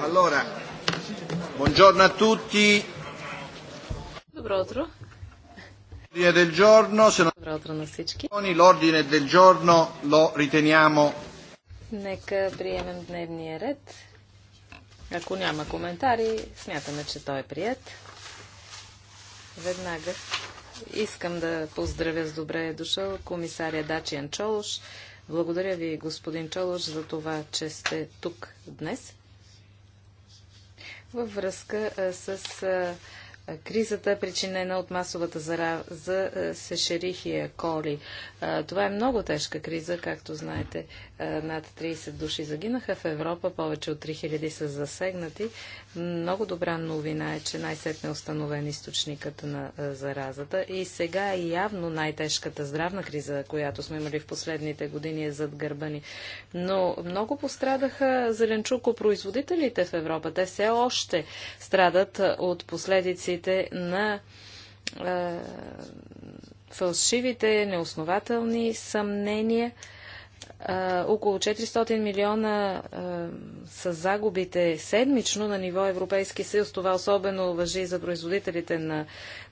Allora, buongiorno a tutti. Добро утро. L'ordine del giorno, se non l'ordine del giorno lo riteniamo. Нека приемем дневния ред. Ако няма коментари, смятаме, че той е прият. Веднага искам да поздравя с добре е дошъл комисаря Дачиан Чолош. Благодаря ви, господин Чолош, за това, че сте тук днес във връзка с кризата, причинена от масовата зараза с Ешерихия коли. Това е много тежка криза, както знаете. Над 30 души загинаха в Европа, повече от 3000 са засегнати. Много добра новина е, че най-сетне е установен източникът на е, заразата и сега е явно най-тежката здравна криза, която сме имали в последните години е зад гърба ни. Но много пострадаха зеленчукопроизводителите в Европа. Те все още страдат е, от последиците на е, фалшивите, неоснователни съмнения – около 400 милиона а, са загубите седмично на ниво Европейски съюз. Това особено въжи за производителите на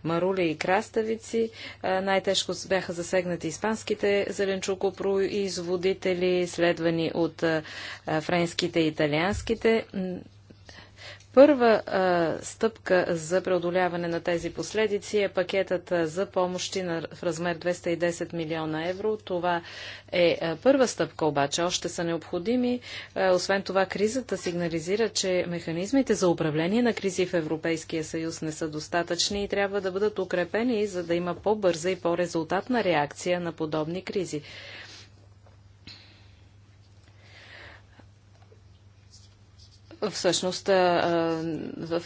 марули и краставици. най-тежко бяха засегнати испанските зеленчукопроизводители, следвани от а, френските и италианските. Първа а, стъпка за преодоляване на тези последици е пакетът за помощи на, в размер 210 милиона евро. Това е а, първа стъпка, обаче още са необходими. А, освен това, кризата сигнализира, че механизмите за управление на кризи в Европейския съюз не са достатъчни и трябва да бъдат укрепени, за да има по-бърза и по-резултатна реакция на подобни кризи. Всъщност в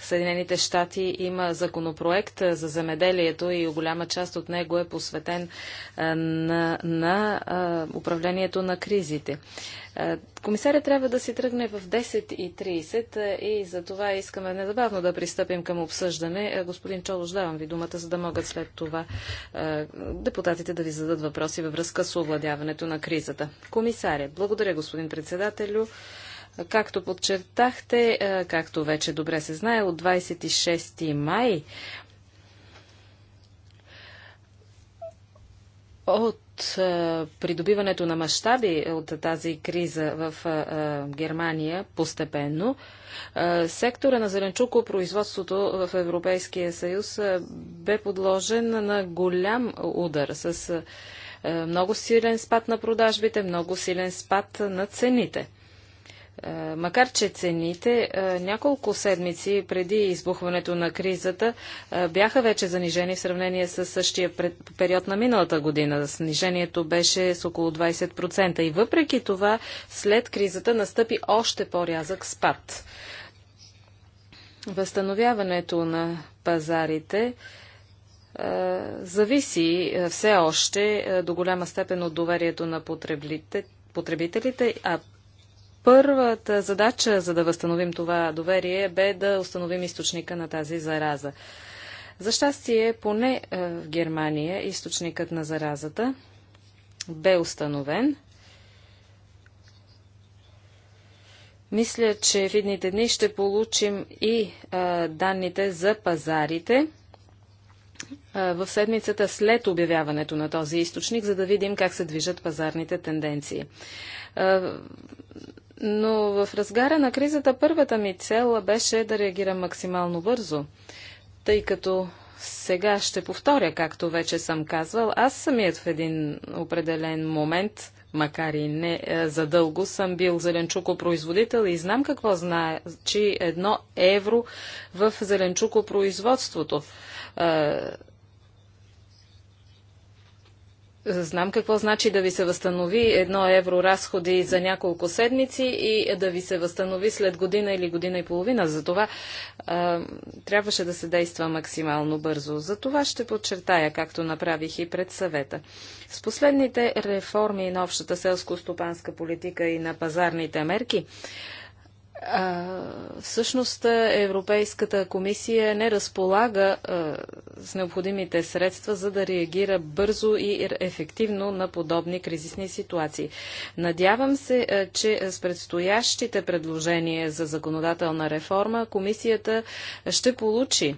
Съединените щати има законопроект за земеделието и голяма част от него е посветен на, на управлението на кризите. Комисаря трябва да си тръгне в 10.30 и за това искаме незабавно да пристъпим към обсъждане. Господин Чолош, давам ви думата, за да могат след това депутатите да ви зададат въпроси във връзка с овладяването на кризата. Комисаря, благодаря господин председателю. Както подчертахте, е, както вече добре се знае, от 26 май от е, придобиването на мащаби от тази криза в е, Германия постепенно, сектора на производството в Европейския съюз бе подложен на голям удар с много силен спад на продажбите, много силен спад на цените. Е, макар, че цените е, няколко седмици преди избухването на кризата е, бяха вече занижени в сравнение с същия период на миналата година. Снижението беше с около 20%. И въпреки това, след кризата настъпи още по-рязък спад. Възстановяването на пазарите зависи все още до голяма степен от доверието на потребителите, а първата задача, за да възстановим това доверие, бе да установим източника на тази зараза. За щастие, поне е, в Германия източникът на заразата бе установен. Мисля, че в едните дни ще получим и а, е, данните за пазарите а, е, в седмицата след обявяването на този източник, за да видим как се движат пазарните тенденции. А, но в разгара на кризата първата ми цел беше да реагирам максимално бързо, тъй като сега ще повторя, както вече съм казвал, аз самият в един определен момент, макар и не е, задълго, съм бил зеленчукопроизводител и знам какво значи едно евро в зеленчукопроизводството. Е, Знам какво значи да ви се възстанови едно евро разходи за няколко седмици и да ви се възстанови след година или година и половина. Затова а, трябваше да се действа максимално бързо. За това ще подчертая, както направих и пред съвета. С последните реформи на общата селско-стопанска политика и на пазарните мерки, а, всъщност е, Европейската комисия не разполага а, с необходимите средства, за да реагира бързо и ефективно на подобни кризисни ситуации. Надявам се, а, че с предстоящите предложения за законодателна реформа комисията ще получи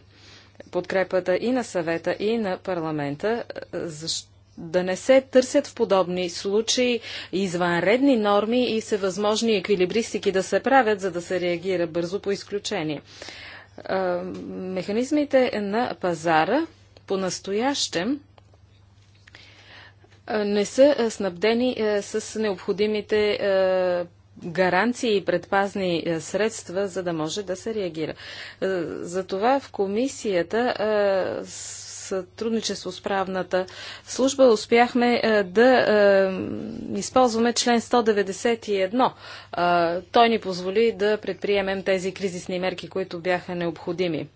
подкрепата и на съвета, и на парламента, защото да не се търсят в подобни случаи извънредни норми и всевъзможни еквилибристики да се правят, за да се реагира бързо по изключение. Механизмите на пазара по-настоящем не са снабдени с необходимите гаранции и предпазни средства, за да може да се реагира. Затова в комисията сътрудничество с правната служба успяхме е, да е, използваме член 191. Е, той ни позволи да предприемем тези кризисни мерки, които бяха необходими.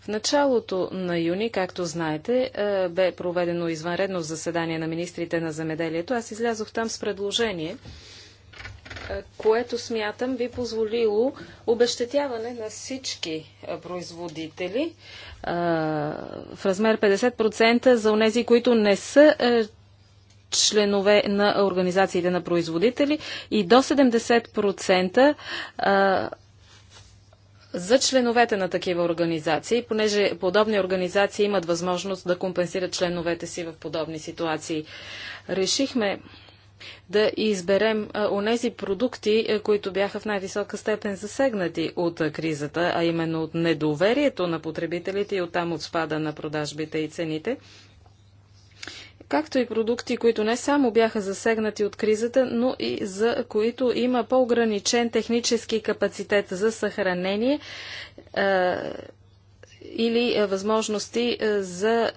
В началото на юни, както знаете, бе проведено извънредно заседание на министрите на земеделието. Аз излязох там с предложение което смятам би позволило обещетяване на всички производители в размер 50% за онези, които не са членове на организациите на производители и до 70% за членовете на такива организации, понеже подобни организации имат възможност да компенсират членовете си в подобни ситуации. Решихме да изберем онези продукти, които бяха в най-висока степен засегнати от кризата, а именно от недоверието на потребителите и оттам от спада на продажбите и цените както и продукти, които не само бяха засегнати от кризата, но и за които има по-ограничен технически капацитет за съхранение или възможности за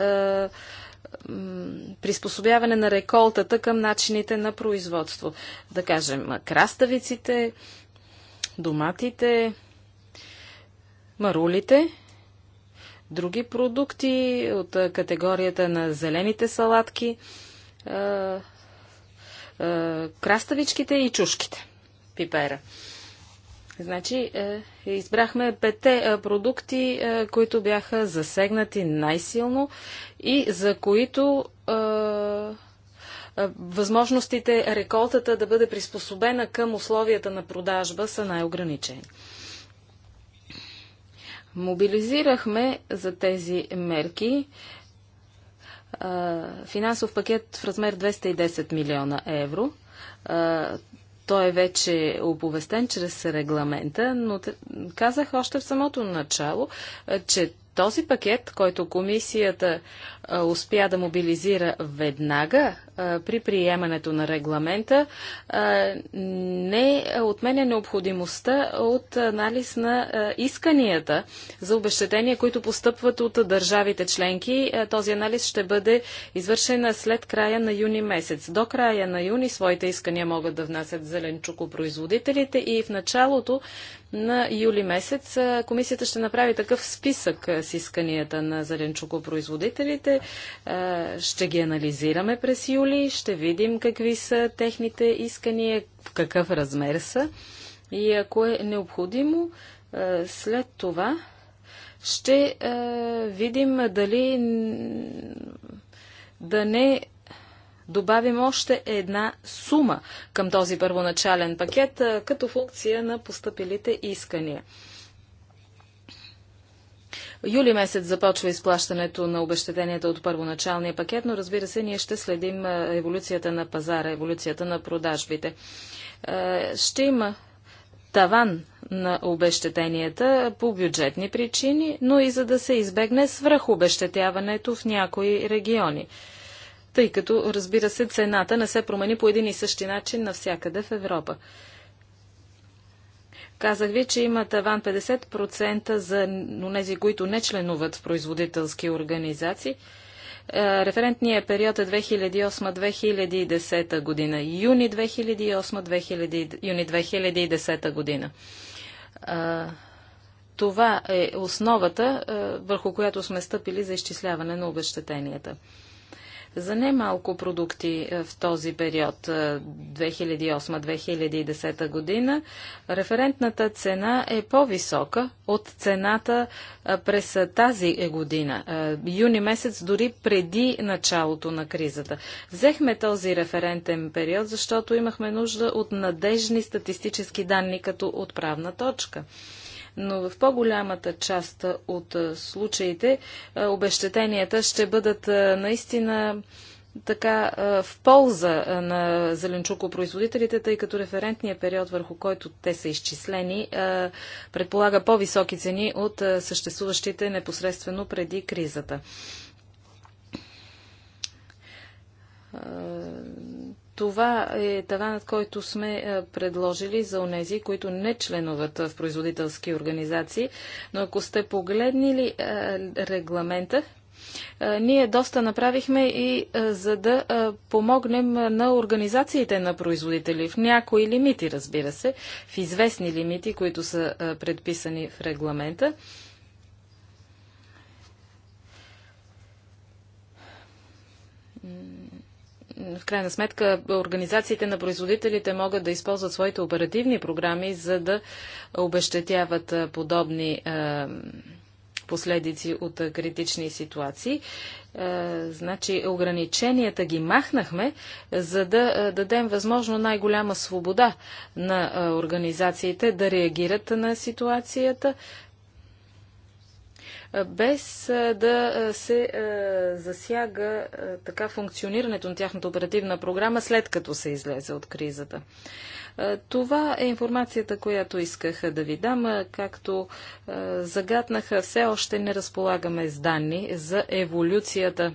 приспособяване на реколтата към начините на производство. Да кажем, краставиците, доматите, марулите, други продукти от категорията на зелените салатки, краставичките и чушките, пипера. Значи, е, избрахме пете е, продукти, е, които бяха засегнати най-силно и за които е, е, възможностите реколтата да бъде приспособена към условията на продажба са най-ограничени. Мобилизирахме за тези мерки е, финансов пакет в размер 210 милиона евро. Той е вече оповестен чрез регламента, но казах още в самото начало, е, че този пакет, който комисията а, успя да мобилизира веднага а, при приемането на регламента, а, не отменя необходимостта от анализ на исканията за обещетения, които постъпват от държавите членки. Този анализ ще бъде извършен след края на юни месец. До края на юни своите искания могат да внасят зеленчукопроизводителите и в началото на юли месец комисията ще направи такъв списък с исканията на зеленчукопроизводителите. Ще ги анализираме през юли, ще видим какви са техните искания, в какъв размер са и ако е необходимо, след това ще видим дали да не добавим още една сума към този първоначален пакет като функция на поступилите искания. Юли месец започва изплащането на обещетенията от първоначалния пакет, но разбира се, ние ще следим еволюцията на пазара, еволюцията на продажбите. Ще има таван на обещетенията по бюджетни причини, но и за да се избегне свръхобещетяването в някои региони тъй като, разбира се, цената не се промени по един и същи начин навсякъде в Европа. Казах ви, че има таван 50% за тези, които не членуват в производителски организации. Е, референтният е период е 2008-2010 година. Юни 2008-2010 юни 2010 година. Е, това е основата, върху която сме стъпили за изчисляване на обещетенията за немалко продукти е, в този период 2008-2010 е, година. Референтната цена е по-висока от цената е, през тази година. Юни месец дори преди началото на кризата. Взехме този референтен период, защото имахме нужда от надежни статистически данни като отправна точка но в по-голямата част от случаите обещетенията ще бъдат наистина така в полза на зеленчукопроизводителите, тъй като референтният период, върху който те са изчислени, предполага по-високи цени от съществуващите непосредствено преди кризата това е таванът, който сме е, предложили за унези, които не членуват в производителски организации. Но ако сте погледнили е, регламента, е, ние доста направихме и за да помогнем на организациите на производители в някои лимити, разбира се, в известни лимити, които са предписани в регламента. В крайна сметка, организациите на производителите могат да използват своите оперативни програми, за да обещетяват подобни последици от критични ситуации. значи, ограниченията ги махнахме, за да дадем възможно най-голяма свобода на организациите да реагират на ситуацията, без да се засяга така функционирането на тяхната оперативна програма след като се излезе от кризата. Това е информацията, която исках да ви дам. Както загаднаха, все още не разполагаме с данни за еволюцията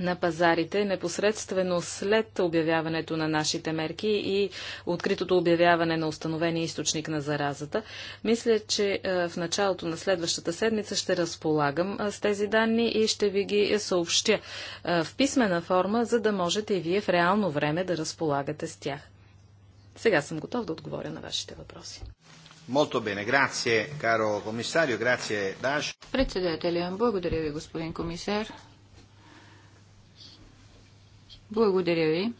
на пазарите непосредствено след обявяването на нашите мерки и откритото обявяване на установения източник на заразата. Мисля, че е, в началото на следващата седмица ще разполагам е, с тези данни и ще ви ги съобщя е, в писмена форма, за да можете и вие в реално време да разполагате с тях. Сега съм готов да отговоря на вашите въпроси. Molto bene, grazie caro commissario, grazie Dash. Председателя, благодаря ви господин комисар. Благодаря ви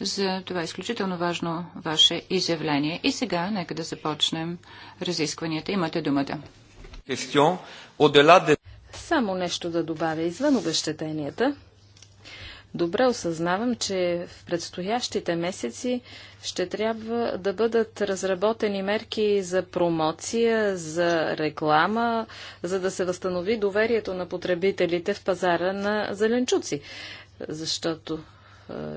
за това изключително важно ваше изявление. И сега нека да започнем разискванията. Имате думата. Само нещо да добавя извън обещетенията. Добре осъзнавам, че в предстоящите месеци ще трябва да бъдат разработени мерки за промоция, за реклама, за да се възстанови доверието на потребителите в пазара на зеленчуци защото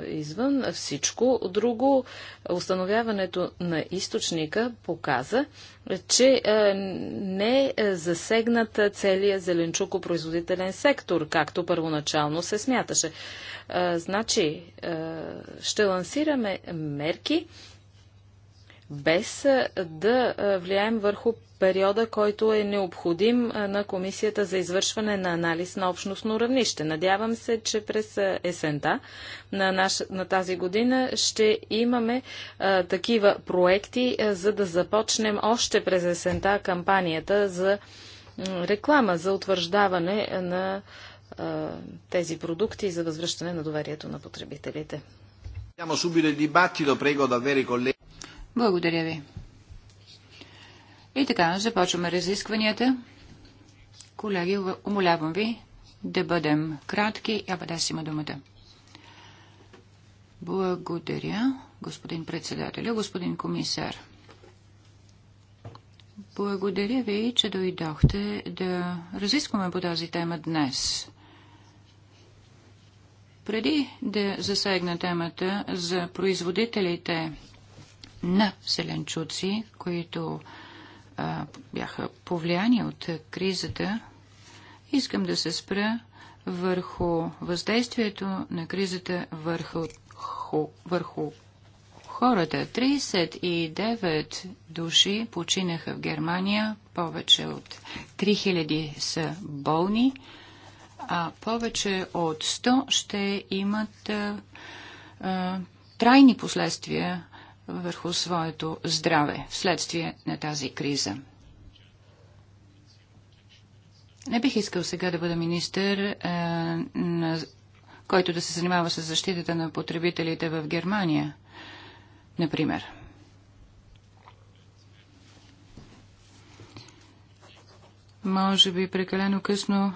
извън всичко друго, установяването на източника показа, че не е засегнат целият зеленчукопроизводителен сектор, както първоначално се смяташе. Значи, ще лансираме мерки, без да влияем върху периода, който е необходим на Комисията за извършване на анализ на общностно равнище. Надявам се, че през есента на, наш, на тази година ще имаме а, такива проекти, а, за да започнем още през есента кампанията за реклама, за утвърждаване на а, тези продукти и за възвръщане на доверието на потребителите. Благодаря ви. И така, започваме разискванията. Колеги, умолявам ви да бъдем кратки. си има думата. Благодаря, господин председател, господин комисар. Благодаря ви, че дойдохте да разискваме по тази тема днес. Преди да засегна темата за производителите на селенчуци, които а, бяха повлияни от кризата, искам да се спра върху въздействието на кризата върху, хо, върху хората. 39 души починаха в Германия, повече от 3000 са болни, а повече от 100 ще имат а, а, трайни последствия върху своето здраве вследствие на тази криза. Не бих искал сега да бъда министър, е, на, който да се занимава с защитата на потребителите в Германия, например. Може би прекалено късно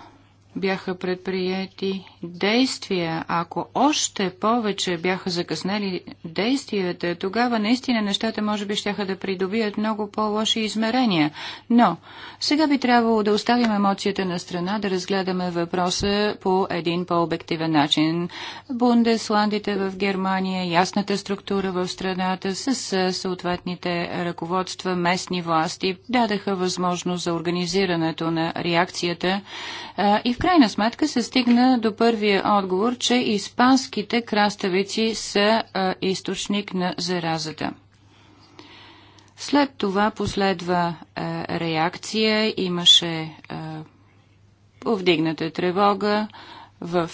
бяха предприяти действия, ако още повече бяха закъснели действията, тогава наистина нещата може би ще да придобият много по-лоши измерения. Но сега би трябвало да оставим емоцията на страна, да разгледаме въпроса по един по-обективен начин. Бундесландите в Германия, ясната структура в страната с съответните ръководства, местни власти дадаха възможност за организирането на реакцията и в крайна сметка се стигна до първи първия отговор, че испанските краставици са а, източник на заразата. След това последва а, реакция, имаше а, повдигната тревога в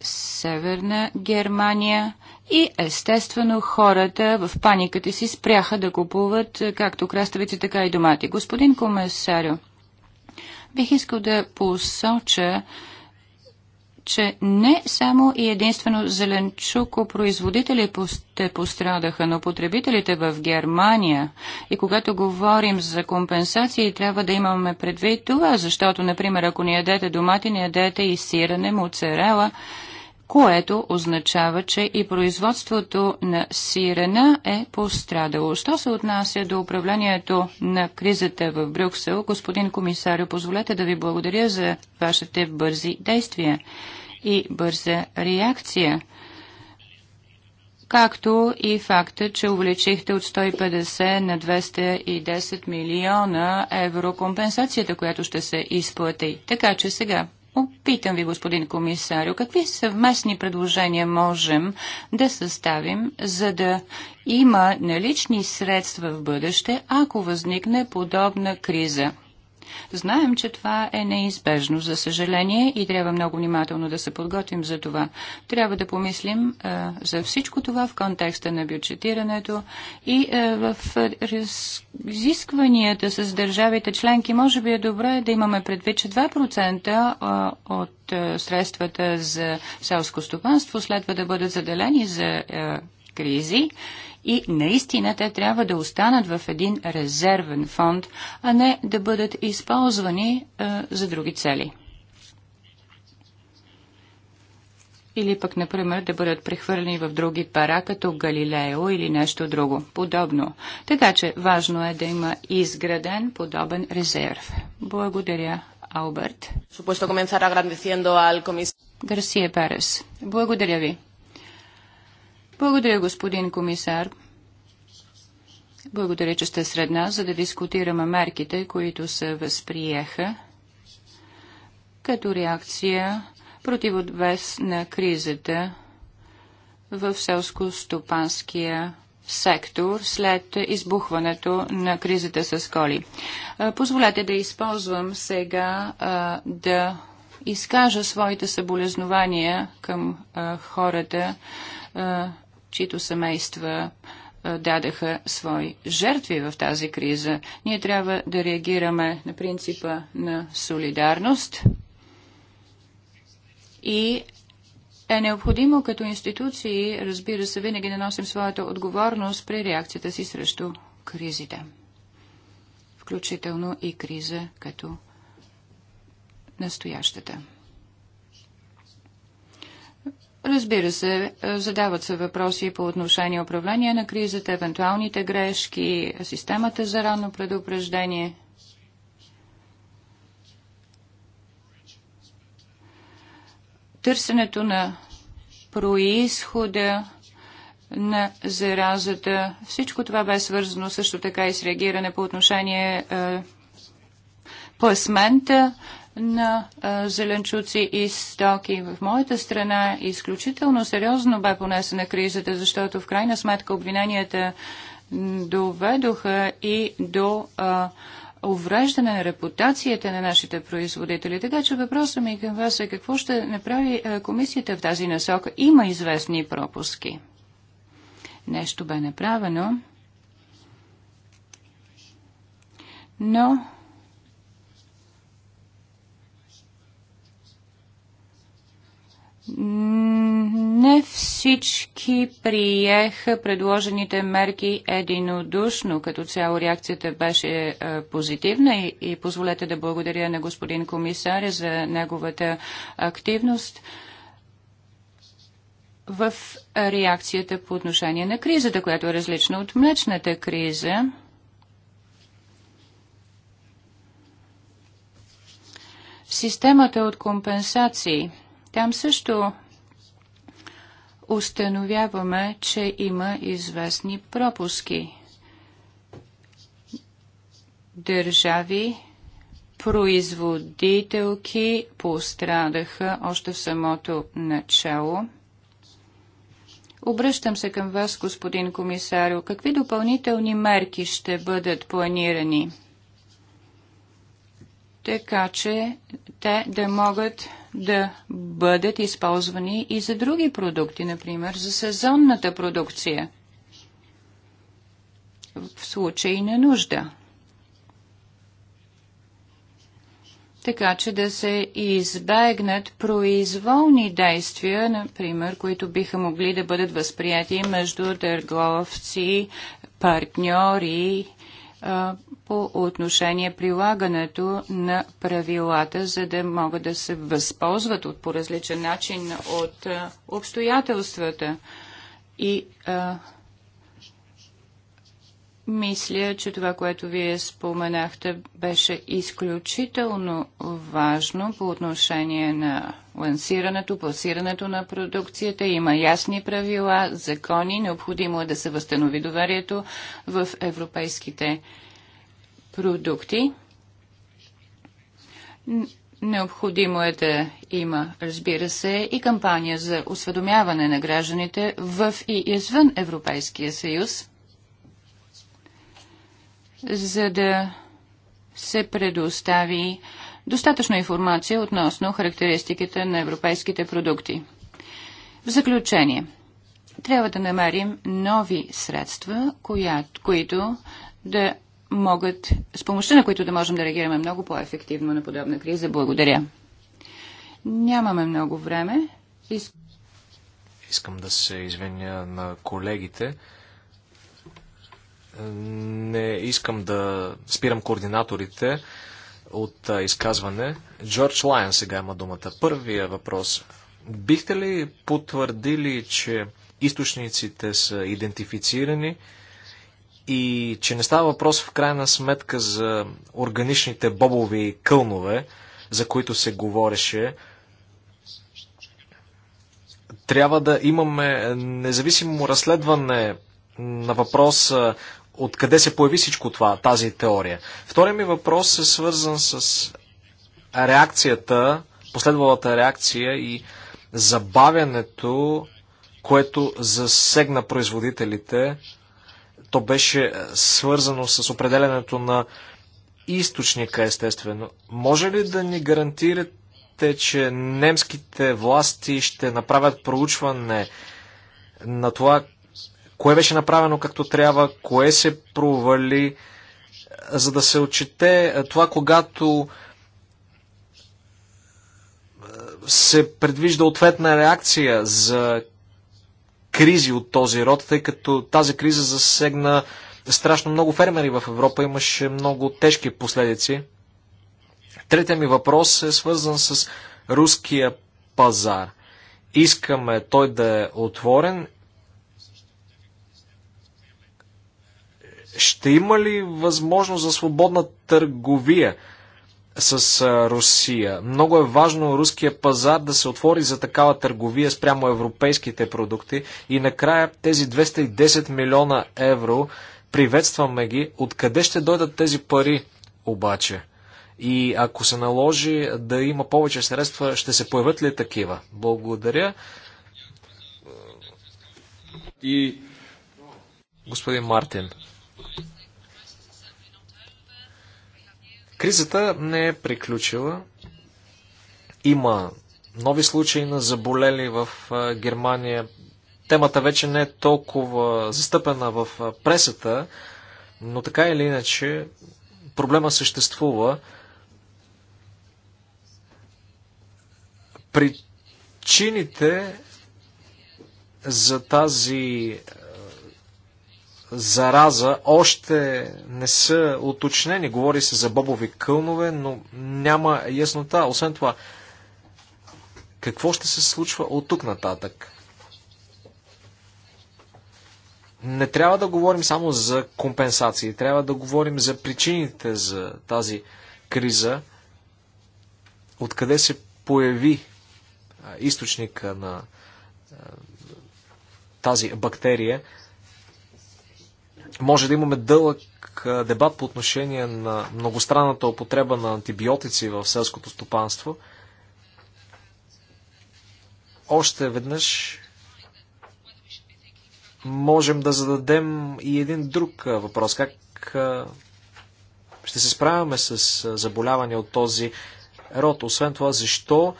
Северна Германия и естествено хората в паниката си спряха да купуват както краставици, така и домати. Господин комисарю, бих искал да посоча, че не само и единствено зеленчукопроизводители пострадаха, но потребителите в Германия. И когато говорим за компенсации, трябва да имаме предвид това, защото, например, ако ни ядете домати, не ядете и сирене, моцарела, което означава, че и производството на сирена е пострадало. Що се отнася до управлението на кризата в Брюксел, господин комисар, позволете да ви благодаря за вашите бързи действия и бърза реакция както и факта, че увеличихте от 150 на 210 милиона евро компенсацията, която ще се изплати. Така че сега Опитам ви, господин комисарио, какви съвместни предложения можем да съставим, за да има налични средства в бъдеще, ако възникне подобна криза? Знаем, че това е неизбежно, за съжаление, и трябва много внимателно да се подготвим за това. Трябва да помислим а, за всичко това в контекста на бюджетирането и а, в изискванията с държавите членки. Може би е добре да имаме предвид, че 2% от средствата за селско стопанство следва да бъдат заделени за а, кризи и наистина те трябва да останат в един резервен фонд, а не да бъдат използвани а, за други цели. Или пък, например, да бъдат прехвърлени в други пара, като Галилео или нещо друго, подобно. Така че важно е да има изграден подобен резерв. Благодаря, Алберт. Гарсия Перес. Благодаря ви. Благодаря, господин комисар. Благодаря, че сте сред нас, за да дискутираме мерките, които се възприеха като реакция противодвес на кризата в селско-стопанския сектор след избухването на кризата с коли. Позволете да използвам сега а, да изкажа своите съболезнования към а, хората, чието семейства дадаха свои жертви в тази криза. Ние трябва да реагираме на принципа на солидарност и е необходимо като институции, разбира се, винаги да носим своята отговорност при реакцията си срещу кризите. Включително и криза като настоящата. Разбира се, е, задават се въпроси по отношение управление на кризата, евентуалните грешки, системата за ранно предупреждение. Търсенето на происхода на заразата. Всичко това бе свързано също така и с реагиране по отношение е, пласмента на а, зеленчуци и стоки. В моята страна изключително сериозно бе понесена кризата, защото в крайна сметка обвиненията доведоха и до а, увреждане на репутацията на нашите производители. Така че въпросът ми към вас е какво ще направи а, комисията в тази насока. Има известни пропуски. Нещо бе направено, но Не всички приеха предложените мерки единодушно. Като цяло реакцията беше е, позитивна и, и позволете да благодаря на господин комисаря за неговата активност в реакцията по отношение на кризата, която е различна от млечната криза. Системата от компенсации – там също установяваме, че има известни пропуски. Държави, производителки пострадаха още в самото начало. Обръщам се към вас, господин комисарио. Какви допълнителни мерки ще бъдат планирани? Така че те да могат да бъдат използвани и за други продукти, например за сезонната продукция в случай на нужда. така че да се избегнат произволни действия, например, които биха могли да бъдат възприяти между търговци, партньори по отношение прилагането на правилата, за да могат да се възползват от по различен начин от обстоятелствата и а, мисля, че това, което вие споменахте, беше изключително важно по отношение на лансирането, пласирането на продукцията. Има ясни правила, закони. Необходимо е да се възстанови доверието в европейските продукти. Необходимо е да има, разбира се, и кампания за осведомяване на гражданите в и извън Европейския съюз за да се предостави достатъчно информация относно характеристиките на европейските продукти. В заключение, трябва да намерим нови средства, коя, които да могат, с помощта на които да можем да реагираме много по-ефективно на подобна криза. Благодаря. Нямаме много време. Искам да се извиня на колегите. Не искам да спирам координаторите от изказване. Джордж Лайон сега има думата. Първия въпрос. Бихте ли потвърдили, че източниците са идентифицирани и че не става въпрос в крайна сметка за органичните бобови кълнове, за които се говореше, трябва да имаме независимо разследване на въпроса откъде се появи всичко това, тази теория. Втория ми въпрос е свързан с реакцията, последвалата реакция и забавянето, което засегна производителите. То беше е, свързано с определенето на източника, естествено. Може ли да ни гарантирате, че немските власти ще направят проучване на това кое беше направено както трябва, кое се провали, за да се отчете е, това, когато е, се предвижда ответна реакция за кризи от този род, тъй като тази криза засегна страшно много фермери в Европа, имаше много тежки последици. Третия ми въпрос е свързан с руския пазар. Искаме той да е отворен Ще има ли възможност за свободна търговия с Русия? Много е важно руския пазар да се отвори за такава търговия спрямо европейските продукти. И накрая тези 210 милиона евро, приветстваме ги. Откъде ще дойдат тези пари обаче? И ако се наложи да има повече средства, ще се появят ли такива? Благодаря. И господин Мартин. Кризата не е приключила. Има нови случаи на заболели в Германия. Темата вече не е толкова застъпена в пресата, но така или иначе проблема съществува. Причините за тази зараза още не са уточнени. Говори се за бобови кълнове, но няма яснота. Освен това, какво ще се случва от тук нататък? Не трябва да говорим само за компенсации, трябва да говорим за причините за тази криза, откъде се появи източника на тази бактерия. Може да имаме дълъг дебат по отношение на многостранната употреба на антибиотици в селското стопанство. Още веднъж можем да зададем и един друг въпрос. Как ще се справяме с заболявания от този род? Освен това, защо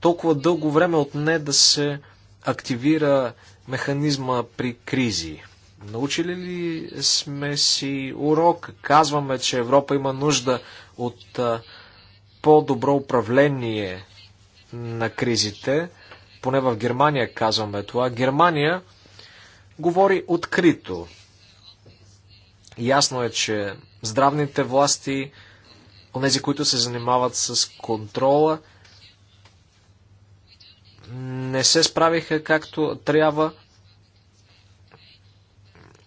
толкова дълго време отне да се активира механизма при кризи? Научили ли сме си урок? Казваме, че Европа има нужда от по-добро управление на кризите. Поне в Германия казваме това. Германия говори открито. Ясно е, че здравните власти, онези, които се занимават с контрола, не се справиха както трябва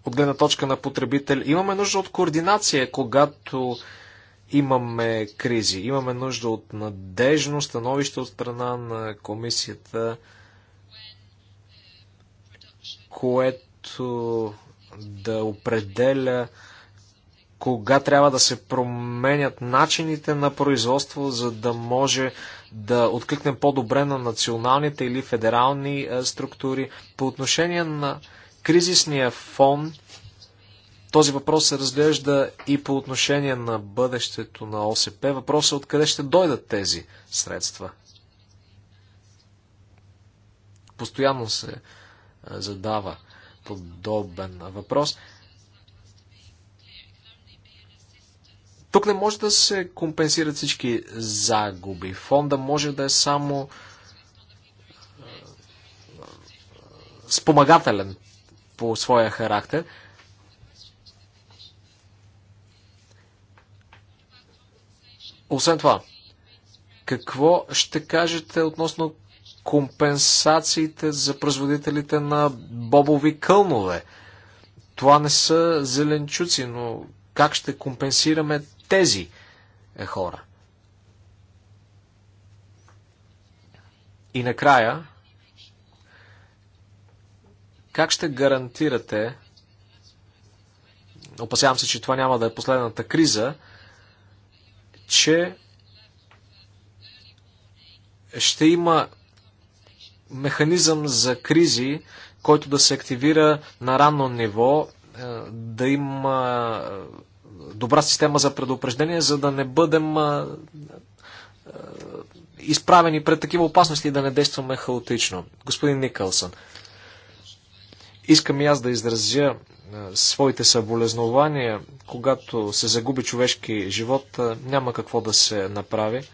от гледна точка на потребител. Имаме нужда от координация, когато имаме кризи. Имаме нужда от надежно становище от страна на комисията, което да определя кога трябва да се променят начините на производство, за да може да откликнем по-добре на националните или федерални структури. По отношение на кризисния фон, този въпрос се разглежда и по отношение на бъдещето на ОСП. Въпросът е откъде ще дойдат тези средства. Постоянно се е, задава подобен въпрос. Тук не може да се компенсират всички загуби. Фонда може да е само е, е, спомагателен по своя характер. Освен това, какво ще кажете относно компенсациите за производителите на бобови кълнове? Това не са зеленчуци, но как ще компенсираме тези е, хора? И накрая, как ще гарантирате, опасявам се, че това няма да е последната криза, че ще има механизъм за кризи, който да се активира на ранно ниво, е, да има е, добра система за предупреждение, за да не бъдем е, изправени пред такива опасности и да не действаме хаотично. Господин Никълсън, Искам и аз да изразя своите съболезнования, когато се загуби човешки живот, няма какво да се направи.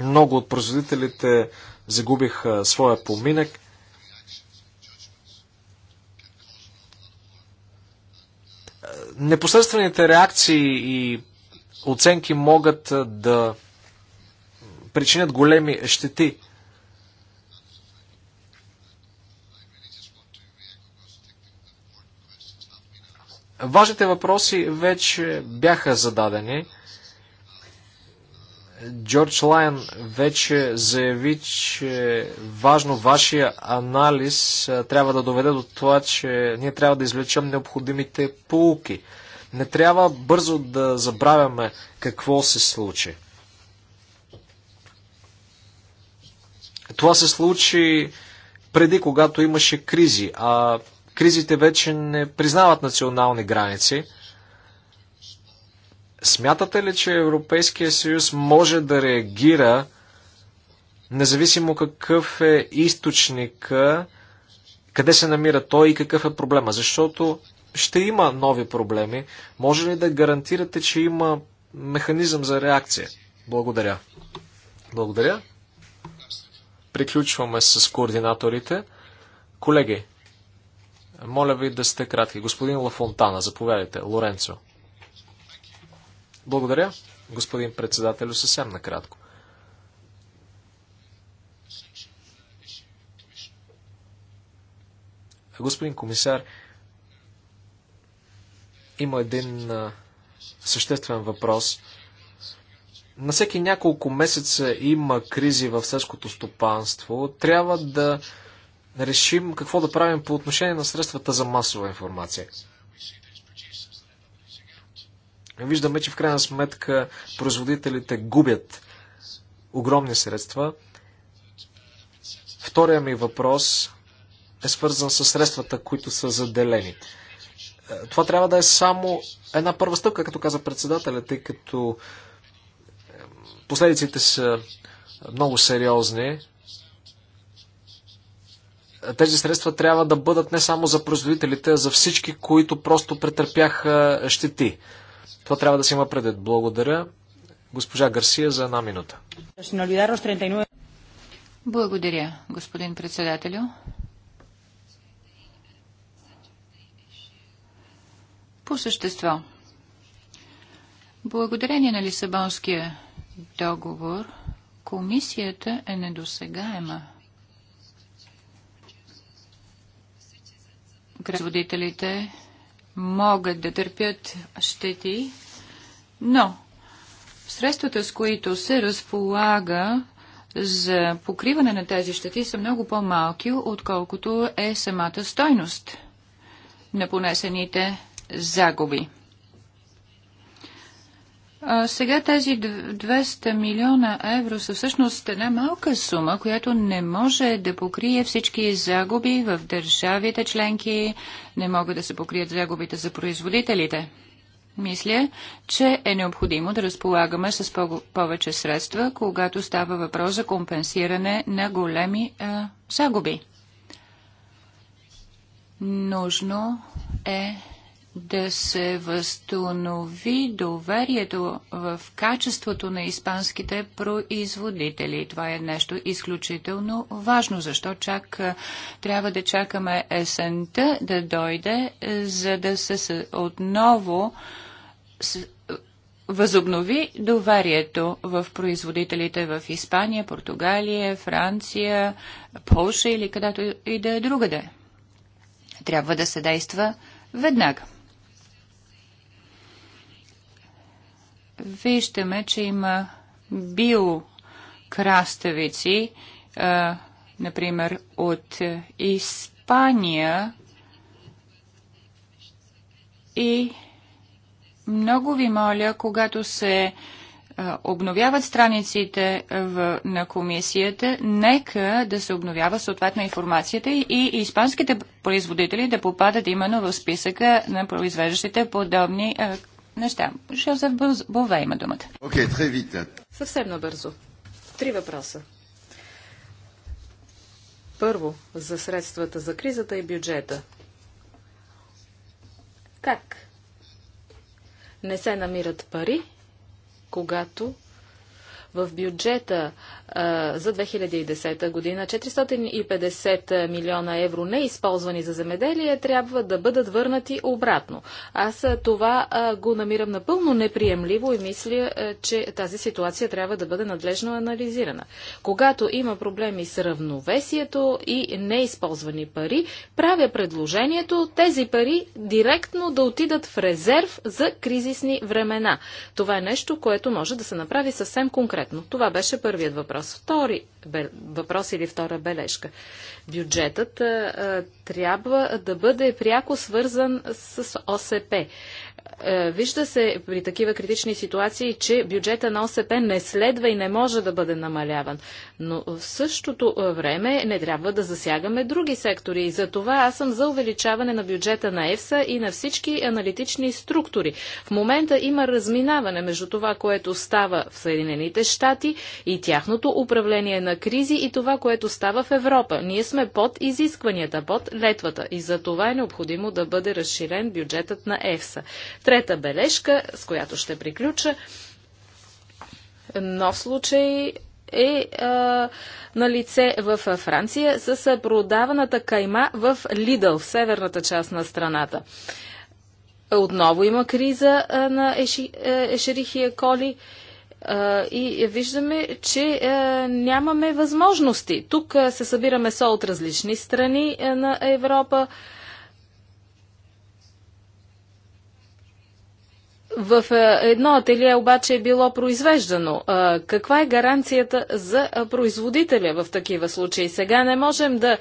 Много от производителите загубиха своя поминък. Непосредствените реакции и оценки могат да причинят големи щети Важните въпроси вече бяха зададени. Джордж Лайн вече заяви, че важно вашия анализ трябва да доведе до това, че ние трябва да извлечем необходимите полуки. Не трябва бързо да забравяме какво се случи. Това се случи преди, когато имаше кризи, а Кризите вече не признават национални граници. Смятате ли, че Европейския съюз може да реагира, независимо какъв е източника, къде се намира той и какъв е проблема? Защото ще има нови проблеми. Може ли да гарантирате, че има механизъм за реакция? Благодаря. Благодаря. Приключваме с координаторите. Колеги, моля ви да сте кратки. Господин Лафонтана, заповядайте. Лоренцо. Благодаря, господин председател, съвсем накратко. Господин комисар, има един съществен въпрос. На всеки няколко месеца има кризи в селското стопанство. Трябва да решим какво да правим по отношение на средствата за масова информация. Виждаме, че в крайна сметка производителите губят огромни средства. Втория ми въпрос е свързан с средствата, които са заделени. Това трябва да е само една първа стъпка, като каза председателя, тъй като последиците са много сериозни тези средства трябва да бъдат не само за производителите, а за всички, които просто претърпяха щети. Това трябва да се има предвид. Благодаря. Госпожа Гарсия за една минута. Благодаря, господин председателю. По същество. Благодарение на Лисабонския договор, комисията е недосегаема производителите могат да търпят щети, но средствата, с които се разполага за покриване на тези щети, са много по-малки, отколкото е самата стойност на понесените загуби. А, сега тези 200 милиона евро са всъщност една малка сума, която не може да покрие всички загуби в държавите членки, не могат да се покрият загубите за производителите. Мисля, че е необходимо да разполагаме с повече средства, когато става въпрос за компенсиране на големи а, загуби. Нужно е да се възстанови доверието в качеството на испанските производители. Това е нещо изключително важно, защо чак трябва да чакаме есента да дойде, е, за да се отново възобнови доверието в производителите в Испания, Португалия, Франция, Полша или където и да е другаде. Трябва да се действа веднага. виждаме, че има биокраставици, например, от Испания и много ви моля, когато се обновяват страниците в, на комисията, нека да се обновява съответна информацията и, и испанските производители да попадат именно в списъка на произвеждащите подобни а, неща. Жозеф Бове има думата. Окей, okay, Съвсем набързо. Три въпроса. Първо, за средствата за кризата и бюджета. Как не се намират пари, когато в бюджета за 2010 година 450 милиона евро не използвани за земеделие трябва да бъдат върнати обратно. Аз това го намирам напълно неприемливо и мисля, че тази ситуация трябва да бъде надлежно анализирана. Когато има проблеми с равновесието и неизползвани пари, правя предложението тези пари директно да отидат в резерв за кризисни времена. Това е нещо, което може да се направи съвсем конкретно. Това беше първият въпрос въпрос. Втори въпрос или втора бележка. Бюджетът а, трябва да бъде пряко свързан с ОСП. Е, вижда се при такива критични ситуации, че бюджета на ОСП не следва и не може да бъде намаляван. Но в същото е, време не трябва да засягаме други сектори. И за това аз съм за увеличаване на бюджета на ЕФСА и на всички аналитични структури. В момента има разминаване между това, което става в Съединените щати и тяхното управление на кризи и това, което става в Европа. Ние сме под изискванията, под летвата и за това е необходимо да бъде разширен бюджетът на ЕФСА. Трета бележка, с която ще приключа. Нов случай е а, на лице в Франция с продаваната кайма в Лидъл, в северната част на страната. Отново има криза а, на еши, е, Ешерихия Коли а, и виждаме, че а, нямаме възможности. Тук а, се събираме со от различни страни а, на Европа. А, В е, едно ателие обаче е било произвеждано. Каква е гаранцията за производителя в такива случаи? Сега не можем да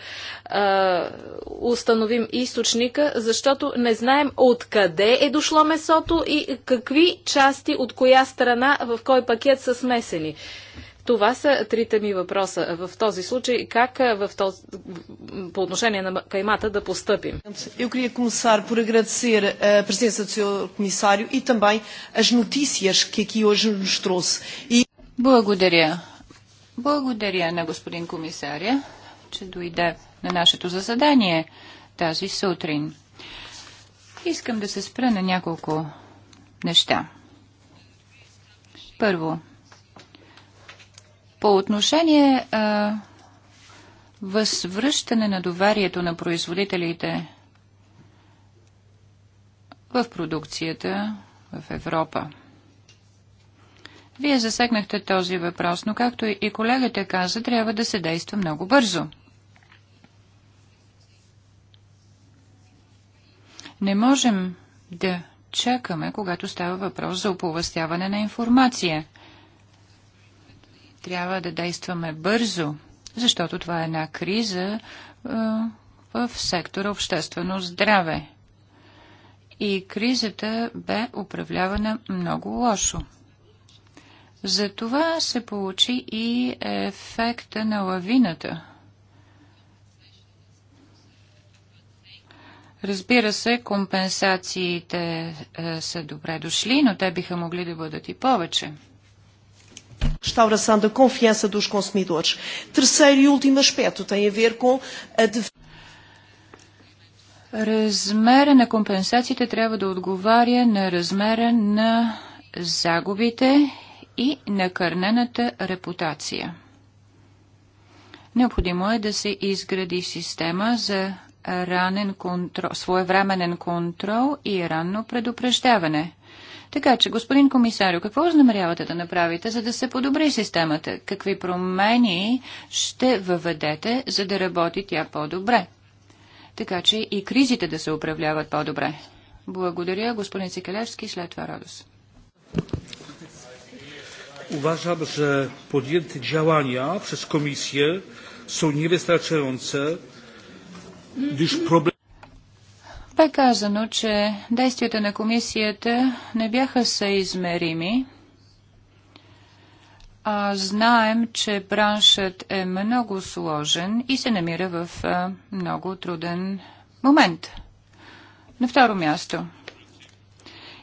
установим източника, защото не знаем откъде е дошло месото и какви части от коя страна в кой пакет са смесени. Това са трите ми въпроса. В този случай, как в този, по отношение на каймата да постъпим? Eu queria começar por agradecer a presença do Sr. Comissário e também as notícias que aqui hoje nos trouxe. E... Благодаря. Благодаря на господин комисаря, че дойде на нашето заседание тази сутрин. Искам да се спра на няколко неща. Първо, по отношение а, възвръщане на доверието на производителите в продукцията в Европа. Вие засегнахте този въпрос, но както и колегата каза, трябва да се действа много бързо. Не можем да чакаме, когато става въпрос за оповъстяване на информация. Трябва да действаме бързо, защото това е една криза е, в сектора обществено здраве. И кризата бе управлявана много лошо. За това се получи и ефекта на лавината. Разбира се, компенсациите е, са добре дошли, но те биха могли да бъдат и повече restauração da confiança dos consumidores. Terceiro e último aspecto tem a ver com a Размера на компенсациите трябва да отговаря на размера на загубите и на кърнената репутация. Необходимо е да се изгради система за ранен контрол, своевременен контрол и ранно предупреждаване – така че, господин комисарю, какво възнамерявате да направите, за да се подобри системата? Какви промени ще въведете, за да работи тя по-добре? Така че и кризите да се управляват по-добре. Благодаря, господин Сикелевски, след това радост. Уважам, че podjęte działania през Комисия са niewystarczające, проблем. Бе казано, че действията на комисията не бяха съизмерими. А знаем, че браншът е много сложен и се намира в много труден момент. На второ място.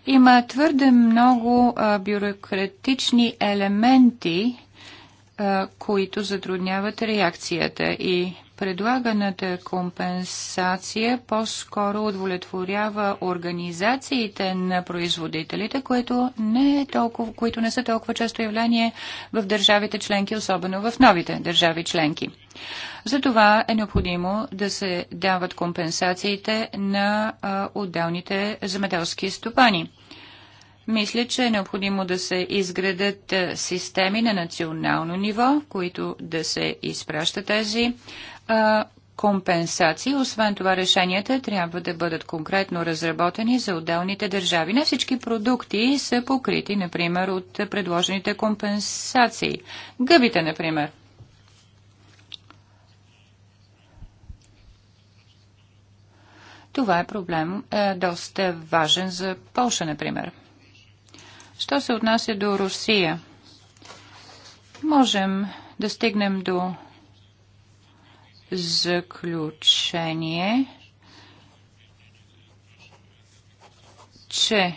Има твърде много бюрократични елементи, които затрудняват реакцията и предлаганата компенсация по-скоро удовлетворява организациите на производителите, които не, е толкова, които не са толкова често явление в държавите членки, особено в новите държави членки. Затова е необходимо да се дават компенсациите на а, отделните земеделски стопани. Мисля, че е необходимо да се изградат е, системи на национално ниво, които да се изпращат тези а, е, компенсации. Освен това, решенията трябва да бъдат конкретно разработени за отделните държави. Не всички продукти са покрити, например, от предложените компенсации. Гъбите, например. Това е проблем е, доста важен за Польша, например. Що се отнася до Русия? Можем да стигнем до заключение, че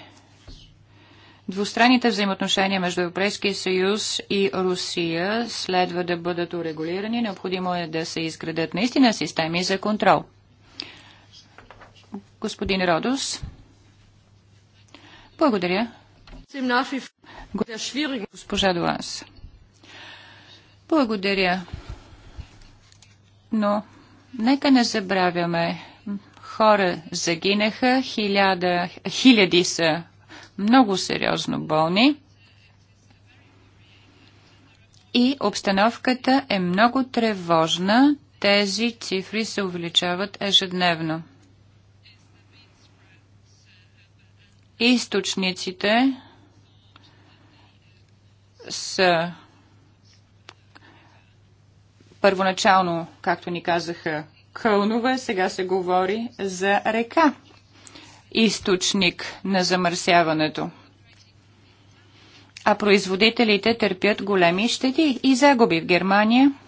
Двустранните взаимоотношения между Европейския съюз и Русия следва да бъдат урегулирани. Необходимо е да се изградат наистина системи за контрол. Господин Родос, благодаря. Госпожа Дуанс. Благодаря. Но нека не забравяме. Хора загинаха, хиляда, хиляди са много сериозно болни и обстановката е много тревожна. Тези цифри се увеличават ежедневно. Източниците с първоначално, както ни казаха, кълнове, сега се говори за река, източник на замърсяването. А производителите търпят големи щети и загуби в Германия –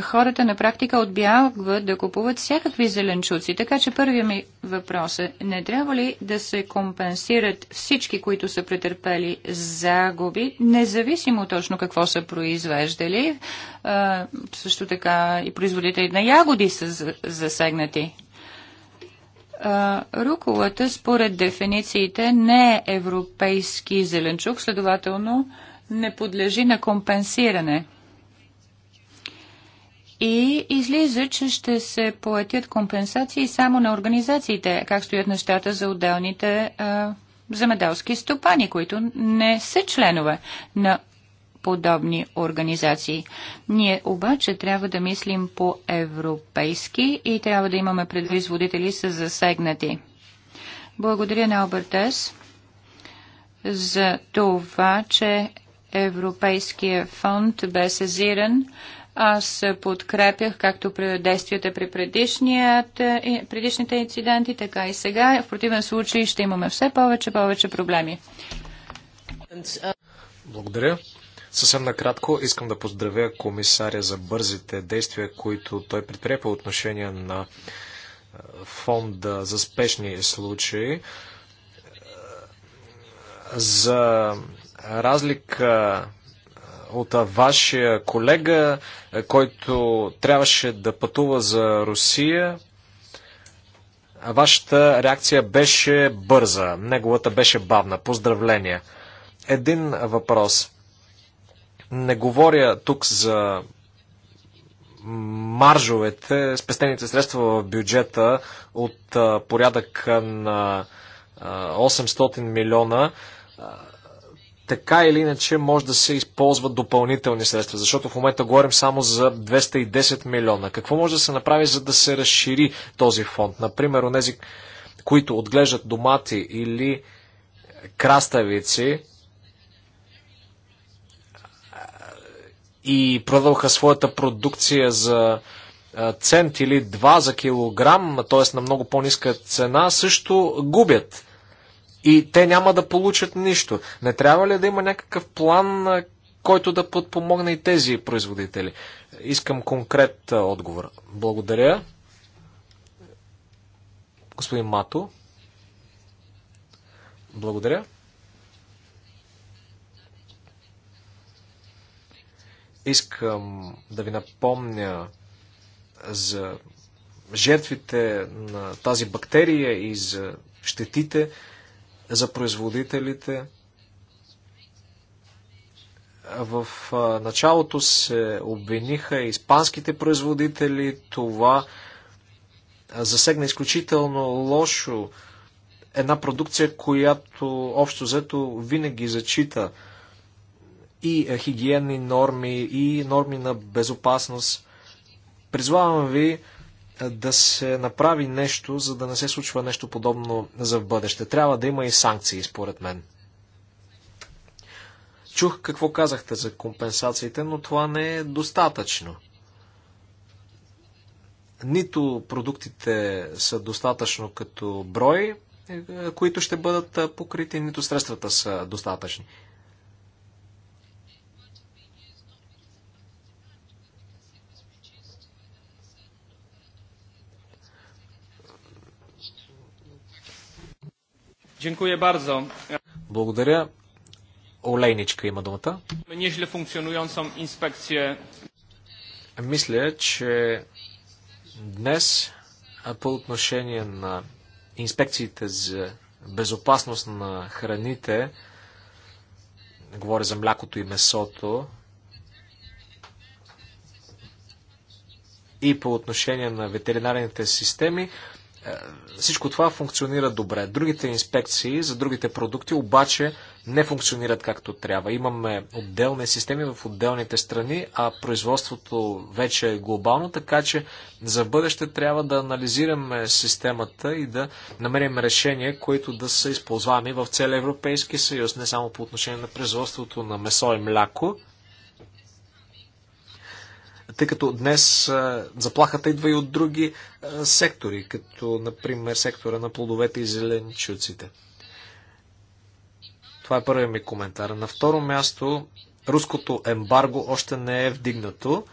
хората на практика отбягват да купуват всякакви зеленчуци. Така че първият ми въпрос е, не трябва ли да се компенсират всички, които са претърпели загуби, независимо точно какво са произвеждали? А, също така и производители на ягоди са засегнати. Руколата, според дефинициите, не е европейски зеленчук, следователно не подлежи на компенсиране – и излиза, че ще се платят компенсации само на организациите, как стоят нещата за отделните а, стопани, които не са членове на подобни организации. Ние обаче трябва да мислим по-европейски и трябва да имаме предвизводители са засегнати. Благодаря на Албертес за това, че Европейския фонд бе сезиран аз подкрепях както при действията при е, предишните инциденти, така и сега. В противен случай ще имаме все повече, повече проблеми. Благодаря. Съвсем накратко искам да поздравя комисаря за бързите действия, които той предприе по отношение на е, фонда за спешни случаи. Е, за разлика от вашия колега, който трябваше да пътува за Русия. Вашата реакция беше бърза, неговата беше бавна. Поздравления! Един въпрос. Не говоря тук за маржовете, спестените средства в бюджета от порядък на 800 милиона така или иначе може да се използват допълнителни средства, защото в момента говорим само за 210 милиона. Какво може да се направи, за да се разшири този фонд? Например, онези, които отглеждат домати или краставици и продълха своята продукция за цент или 2 за килограм, т.е. на много по-ниска цена, също губят и те няма да получат нищо. Не трябва ли да има някакъв план, който да подпомогне и тези производители? Искам конкрет отговор. Благодаря. Господин Мато. Благодаря. Искам да ви напомня за жертвите на тази бактерия и за щетите за производителите. В началото се обвиниха испанските производители. Това засегна изключително лошо една продукция, която общо взето винаги зачита и хигиенни норми, и норми на безопасност. Призвавам ви да се направи нещо, за да не се случва нещо подобно за в бъдеще. Трябва да има и санкции, според мен. Чух какво казахте за компенсациите, но това не е достатъчно. Нито продуктите са достатъчно като брой, е, които ще бъдат покрити, нито средствата са достатъчни. Dziękuję bardzo. Благодаря. Олейничка има думата. Мисля, че днес по отношение на инспекциите за безопасност на храните, говоря за млякото и месото, и по отношение на ветеринарните системи, всичко това функционира добре. Другите инспекции за другите продукти обаче не функционират както трябва. Имаме отделни системи в отделните страни, а производството вече е глобално, така че за бъдеще трябва да анализираме системата и да намерим решения, които да са използваеми в целия Европейски съюз, не само по отношение на производството на месо и мляко, тъй като днес заплахата идва и от други сектори, като например сектора на плодовете и зеленчуците. Това е първият ми коментар. На второ място, руското ембарго още не е вдигнато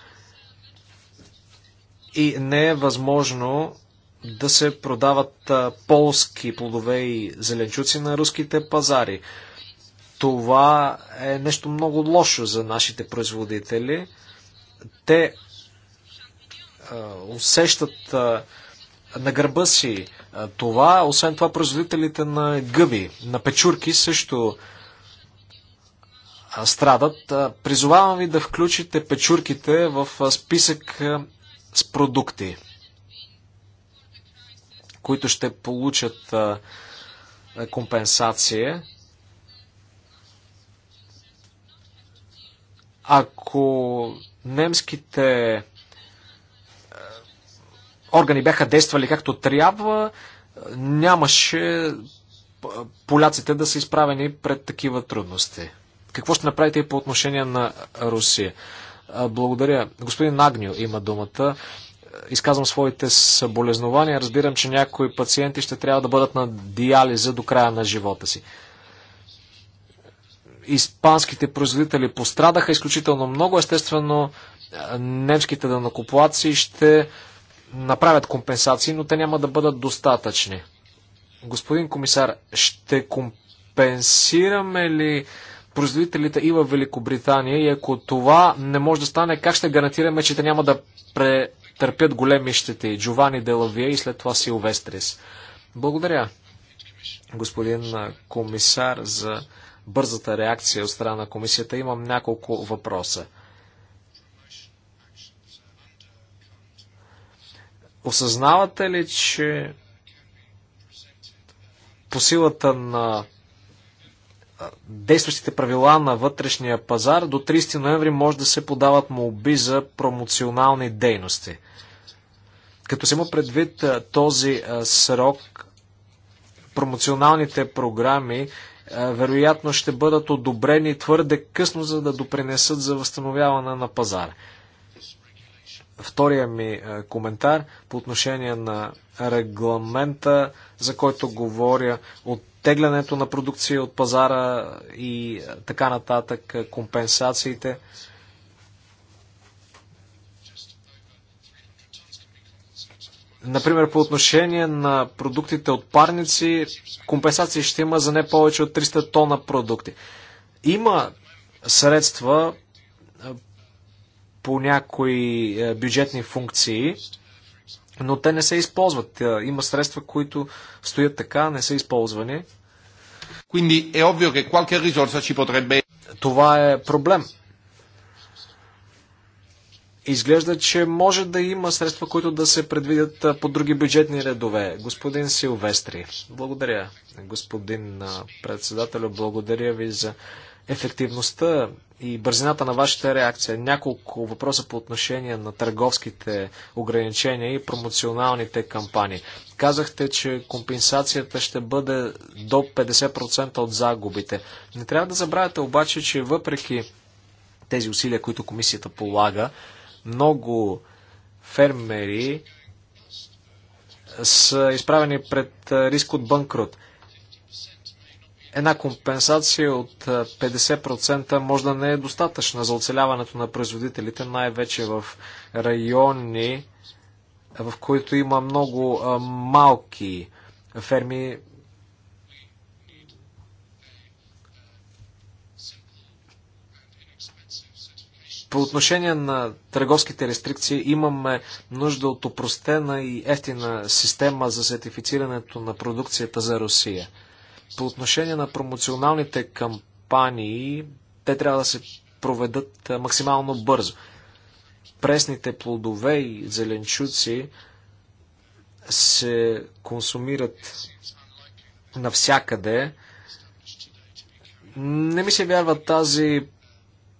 и не е възможно да се продават полски плодове и зеленчуци на руските пазари. Това е нещо много лошо за нашите производители. Те усещат на гърба си това. Освен това, производителите на гъби, на печурки също страдат. Призовавам ви да включите печурките в списък с продукти, които ще получат компенсация. Ако немските е, органи бяха действали както трябва, нямаше е, поляците да са изправени пред такива трудности. Какво ще направите и по отношение на Русия? Е, благодаря. Господин Нагню има думата. Изказвам своите съболезнования. Разбирам, че някои пациенти ще трябва да бъдат на диализа до края на живота си. Испанските производители пострадаха изключително много. Естествено, немските дънокоплации ще направят компенсации, но те няма да бъдат достатъчни. Господин комисар, ще компенсираме ли производителите и в Великобритания и ако това не може да стане, как ще гарантираме, че те няма да претърпят големи щети? Джовани Делавия и след това Силвестрис. Благодаря, господин комисар, за бързата реакция от страна на комисията. Имам няколко въпроса. Осъзнавате ли, че по силата на действащите правила на вътрешния пазар до 30 ноември може да се подават молби за промоционални дейности? Като се има предвид този срок, промоционалните програми е, вероятно ще бъдат одобрени твърде късно, за да допринесат за възстановяване на пазара. Втория ми е, коментар по отношение на регламента, за който говоря, оттеглянето на продукция от пазара и е, така нататък, компенсациите – Например, по отношение на продуктите от парници, компенсации ще има за не повече от 300 тона продукти. Има средства по някои бюджетни функции, но те не се използват. Има средства, които стоят така, не са използвани. Това е проблем. Изглежда, че може да има средства, които да се предвидят по други бюджетни редове. Господин Силвестри, благодаря. Господин председател, благодаря ви за ефективността и бързината на вашата реакция. Няколко въпроса по отношение на търговските ограничения и промоционалните кампании. Казахте, че компенсацията ще бъде до 50% от загубите. Не трябва да забравяте обаче, че въпреки тези усилия, които комисията полага, много фермери са изправени пред риск от банкрут. Една компенсация от 50% може да не е достатъчна за оцеляването на производителите, най-вече в райони, в които има много малки ферми По отношение на търговските рестрикции имаме нужда от опростена и ефтина система за сертифицирането на продукцията за Русия. По отношение на промоционалните кампании, те трябва да се проведат максимално бързо. Пресните плодове и зеленчуци се консумират навсякъде. Не ми се вярва тази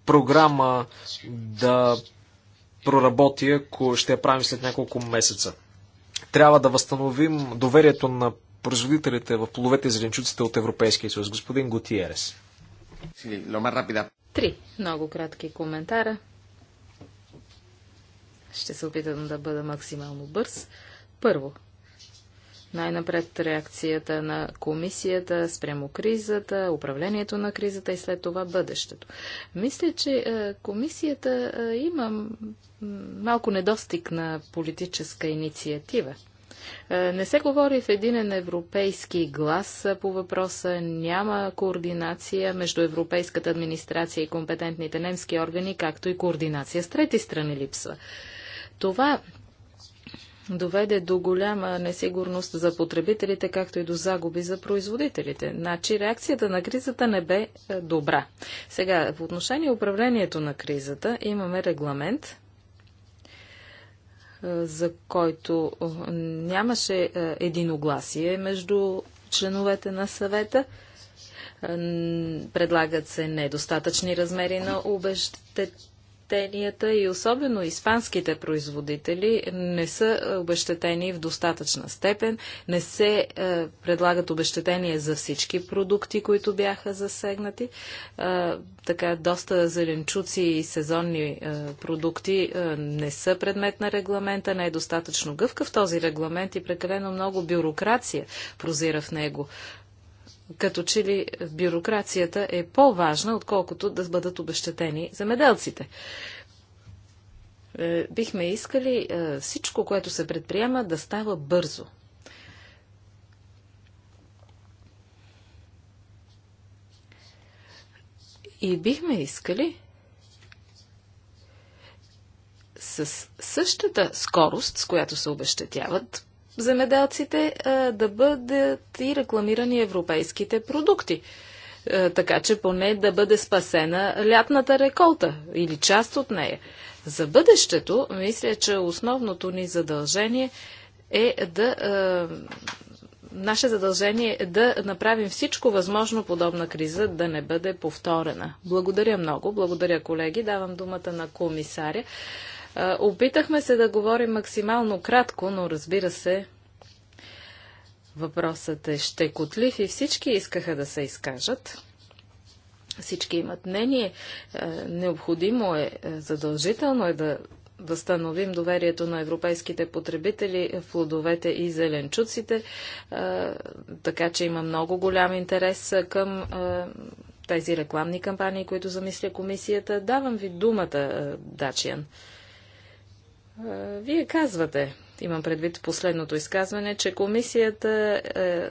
програма да проработи, ако ще я правим след няколко месеца. Трябва да възстановим доверието на производителите в половете и зеленчуците от Европейския съюз. Господин Готиерес. Три много кратки коментара. Ще се опитам да бъда максимално бърз. Първо, най-напред реакцията на комисията спрямо кризата, управлението на кризата и след това бъдещето. Мисля, че е, комисията е, има малко недостиг на политическа инициатива. Е, не се говори в един европейски глас по въпроса. Няма координация между Европейската администрация и компетентните немски органи, както и координация с трети страни липсва. Това доведе до голяма несигурност за потребителите, както и до загуби за производителите. Значи реакцията на кризата не бе е, добра. Сега, в отношение управлението на кризата, имаме регламент, е, за който е, нямаше единогласие между членовете на съвета. Предлагат се недостатъчни размери на обещетения растенията и особено испанските производители не са е, обещетени в достатъчна степен, не се е, предлагат обещетения за всички продукти, които бяха засегнати. Е, така, доста зеленчуци и сезонни продукти не са предмет на регламента, не е достатъчно гъвкав този регламент и прекалено много бюрокрация прозира в него като че ли бюрокрацията е по-важна, отколкото да бъдат обещетени замеделците. Е, бихме искали е, всичко, което се предприема, да става бързо. И бихме искали с същата скорост, с която се обещетяват земеделците да бъдат и рекламирани европейските продукти. Така че поне да бъде спасена лятната реколта или част от нея. За бъдещето, мисля, че основното ни задължение е да. Наше задължение е да направим всичко възможно подобна криза да не бъде повторена. Благодаря много. Благодаря, колеги. Давам думата на комисаря. Опитахме се да говорим максимално кратко, но разбира се, въпросът е щекотлив и всички искаха да се изкажат. Всички имат мнение. Необходимо е, е, задължително е да възстановим доверието на европейските потребители в плодовете и зеленчуците, така че има много голям интерес към тези рекламни кампании, които замисля комисията. Давам ви думата, Дачиан. Вие казвате, имам предвид последното изказване, че комисията е,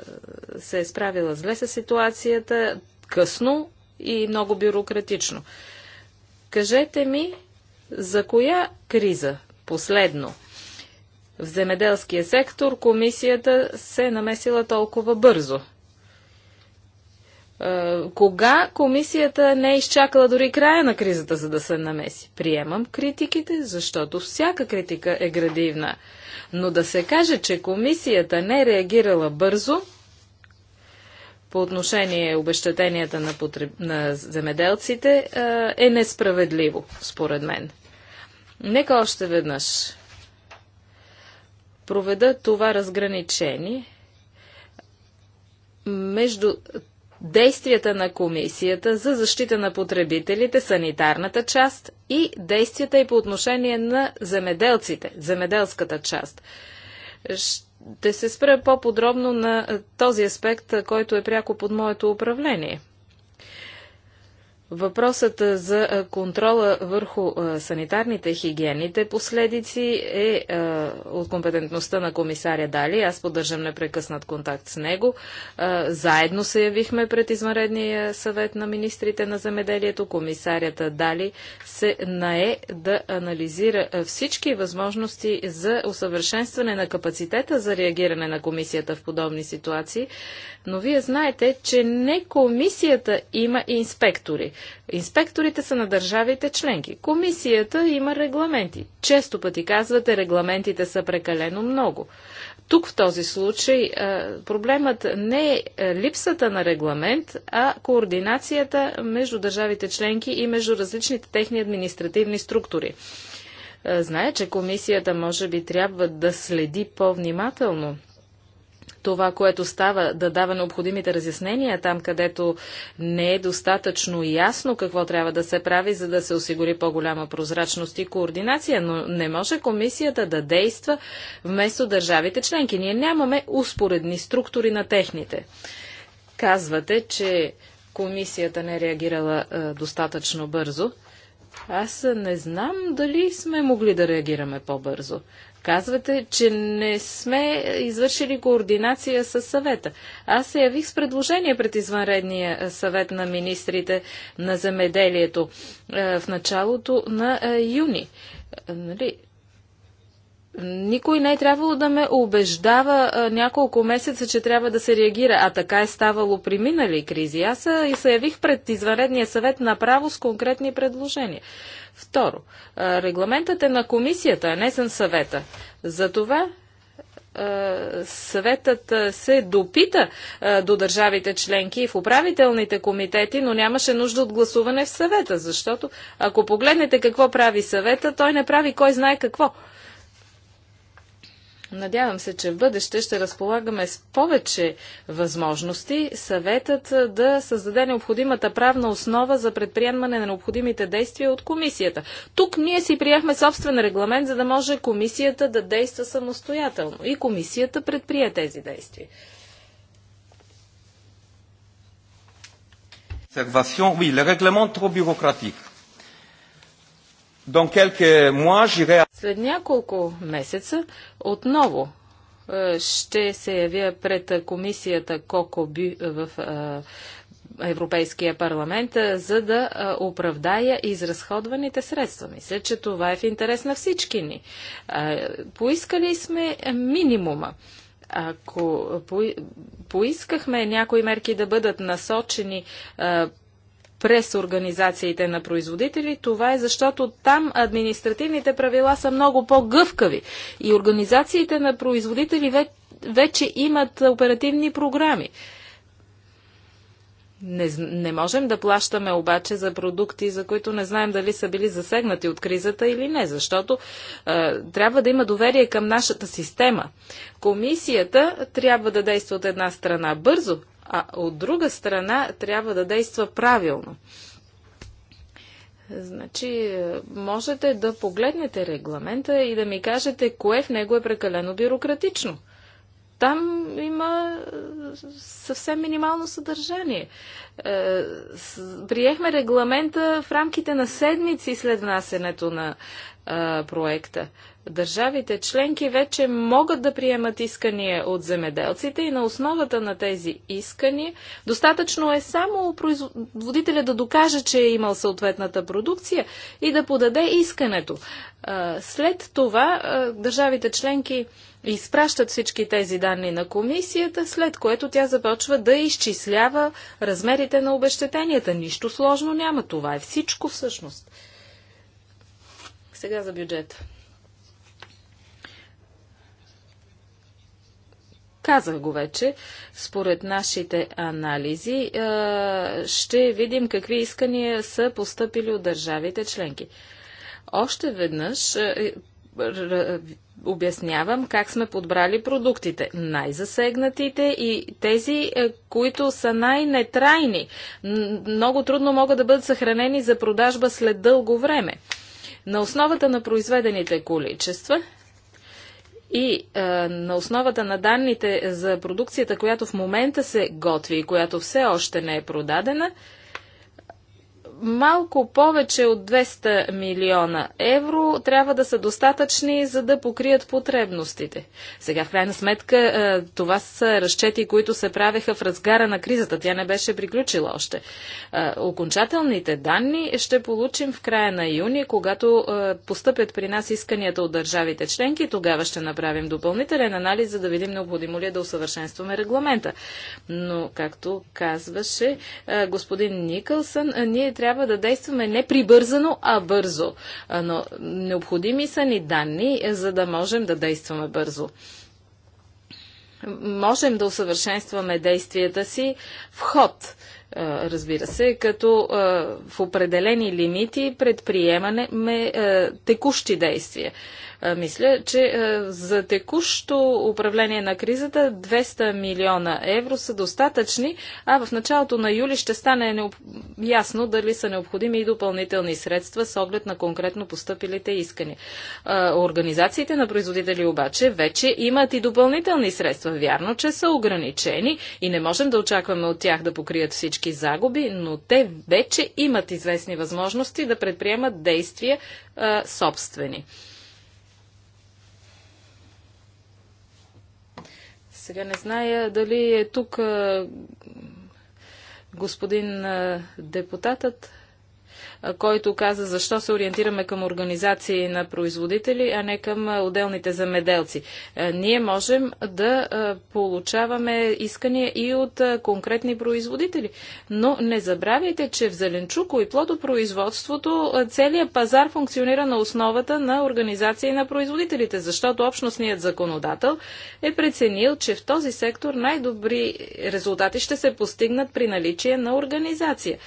се е справила зле с ситуацията, късно и много бюрократично. Кажете ми, за коя криза последно в земеделския сектор комисията се е намесила толкова бързо? Е, кога комисията не е изчакала дори края на кризата, за да се намеси? Приемам критиките, защото всяка критика е градивна. Но да се каже, че комисията не е реагирала бързо по отношение обещатенията на, потреб... на земеделците е, е несправедливо, според мен. Нека още веднъж проведа това разграничение между действията на комисията за защита на потребителите, санитарната част и действията и по отношение на земеделците, земеделската част. Ще се спра по-подробно на този аспект, който е пряко под моето управление – Въпросът за контрола върху санитарните хигиените последици е от компетентността на комисаря Дали. Аз поддържам непрекъснат контакт с него. Заедно се явихме пред извънредния съвет на министрите на земеделието. Комисарята Дали се нае да анализира всички възможности за усъвършенстване на капацитета за реагиране на комисията в подобни ситуации. Но вие знаете, че не комисията има инспектори. Инспекторите са на държавите членки. Комисията има регламенти. Често пъти казвате, регламентите са прекалено много. Тук в този случай проблемът не е липсата на регламент, а координацията между държавите членки и между различните техни административни структури. Знае, че комисията може би трябва да следи по-внимателно това, което става, да дава необходимите разяснения там, където не е достатъчно ясно какво трябва да се прави, за да се осигури по-голяма прозрачност и координация. Но не може комисията да действа вместо държавите членки. Ние нямаме успоредни структури на техните. Казвате, че комисията не е реагирала е, достатъчно бързо. Аз не знам дали сме могли да реагираме по-бързо. Казвате, че не сме извършили координация с съвета. Аз се явих с предложение пред извънредния съвет на министрите на земеделието в началото на юни. Нали, никой не е трябвало да ме убеждава а, няколко месеца, че трябва да се реагира, а така е ставало при минали кризи. Аз и се явих пред извънредния съвет направо с конкретни предложения. Второ, а, регламентът е на комисията, а не съм съвета. Затова съветът се допита до държавите членки и в управителните комитети, но нямаше нужда от гласуване в съвета, защото ако погледнете какво прави съвета, той не прави кой знае какво. Надявам се, че в бъдеще ще разполагаме с повече възможности съветът да създаде необходимата правна основа за предприемане на необходимите действия от комисията. Тук ние си приехме собствен регламент, за да може комисията да действа самостоятелно. И комисията предприе тези действия. Oui, le règlement trop след няколко месеца отново е, ще се явя пред комисията Кокоби е, в е, Европейския парламент, за да оправдая изразходваните средства. Мисля, че това е в интерес на всички ни. Поискали сме минимума. Ако поискахме някои мерки да бъдат насочени през организациите на производители. Това е защото там административните правила са много по-гъвкави и организациите на производители вече имат оперативни програми. Не, не можем да плащаме обаче за продукти, за които не знаем дали са били засегнати от кризата или не, защото е, трябва да има доверие към нашата система. Комисията трябва да действа от една страна бързо, а от друга страна трябва да действа правилно. Значи, можете да погледнете регламента и да ми кажете кое в него е прекалено бюрократично. Там има е, съвсем минимално съдържание. Е, приехме регламента в рамките на седмици след внасенето на е, проекта. Държавите членки вече могат да приемат искания от земеделците и на основата на тези искания достатъчно е само производителя да докаже, че е имал съответната продукция и да подаде искането. След това държавите членки изпращат всички тези данни на комисията, след което тя започва да изчислява размерите на обещетенията. Нищо сложно няма. Това е всичко всъщност. Сега за бюджета. Казах го вече. Според нашите анализи е, ще видим какви искания са поступили от държавите членки. Още веднъж е, е, обяснявам как сме подбрали продуктите. Най-засегнатите и тези, които са най-нетрайни. Много трудно могат да бъдат съхранени за продажба след дълго време. На основата на произведените количества и е, на основата на данните за продукцията, която в момента се готви и която все още не е продадена, малко повече от 200 милиона евро трябва да са достатъчни, за да покрият потребностите. Сега, в крайна сметка, е, това са разчети, които се правеха в разгара на кризата. Тя не беше приключила още. Е, окончателните данни ще получим в края на юни, когато е, постъпят при нас исканията от държавите членки. Тогава ще направим допълнителен анализ, за да видим необходимо ли е да усъвършенстваме регламента. Но, както казваше господин Никълсън, ние трябва трябва да действаме не прибързано, а бързо. Но необходими са ни данни, е, за да можем да действаме бързо можем да усъвършенстваме действията си в ход разбира се, като в определени лимити предприемаме текущи действия. Мисля, че за текущо управление на кризата 200 милиона евро са достатъчни, а в началото на юли ще стане необ... ясно дали са необходими и допълнителни средства с оглед на конкретно поступилите искания. Организациите на производители обаче вече имат и допълнителни средства. Вярно, че са ограничени и не можем да очакваме от тях да покрият всички всички загуби, но те вече имат известни възможности да предприемат действия а, собствени. Сега не зная дали е тук а, господин а, депутатът който каза защо се ориентираме към организации на производители, а не към отделните замеделци. Ние можем да получаваме искания и от конкретни производители. Но не забравяйте, че в зеленчуко и плодопроизводството целият пазар функционира на основата на организации на производителите, защото общностният законодател е преценил, че в този сектор най-добри резултати ще се постигнат при наличие на организация.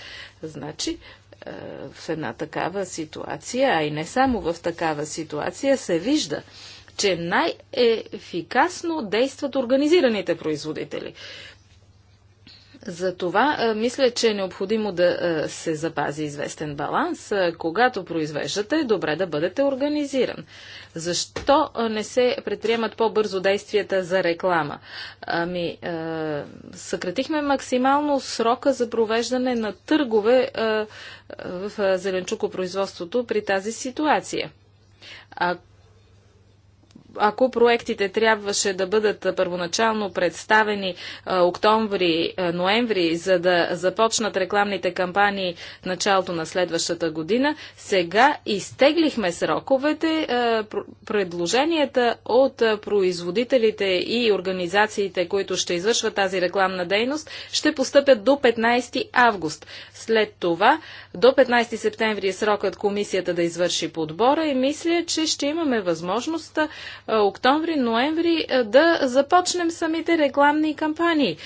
Значи, е, в една такава ситуация, а и не само в такава ситуация, се вижда, че най-ефикасно действат организираните производители. За това мисля, че е необходимо да се запази известен баланс. Когато произвеждате, е добре да бъдете организиран. Защо не се предприемат по-бързо действията за реклама? Ами, съкратихме максимално срока за провеждане на търгове в зеленчукопроизводството при тази ситуация. А ако проектите трябваше да бъдат първоначално представени а, октомври, а, ноември, за да започнат рекламните кампании в началото на следващата година, сега изтеглихме сроковете, а, предложенията от производителите и организациите, които ще извършват тази рекламна дейност, ще постъпят до 15 август. След това, до 15 септември е срокът комисията да извърши подбора и мисля, че ще имаме възможността е, октомври, ноември е, да започнем самите рекламни кампании. Е,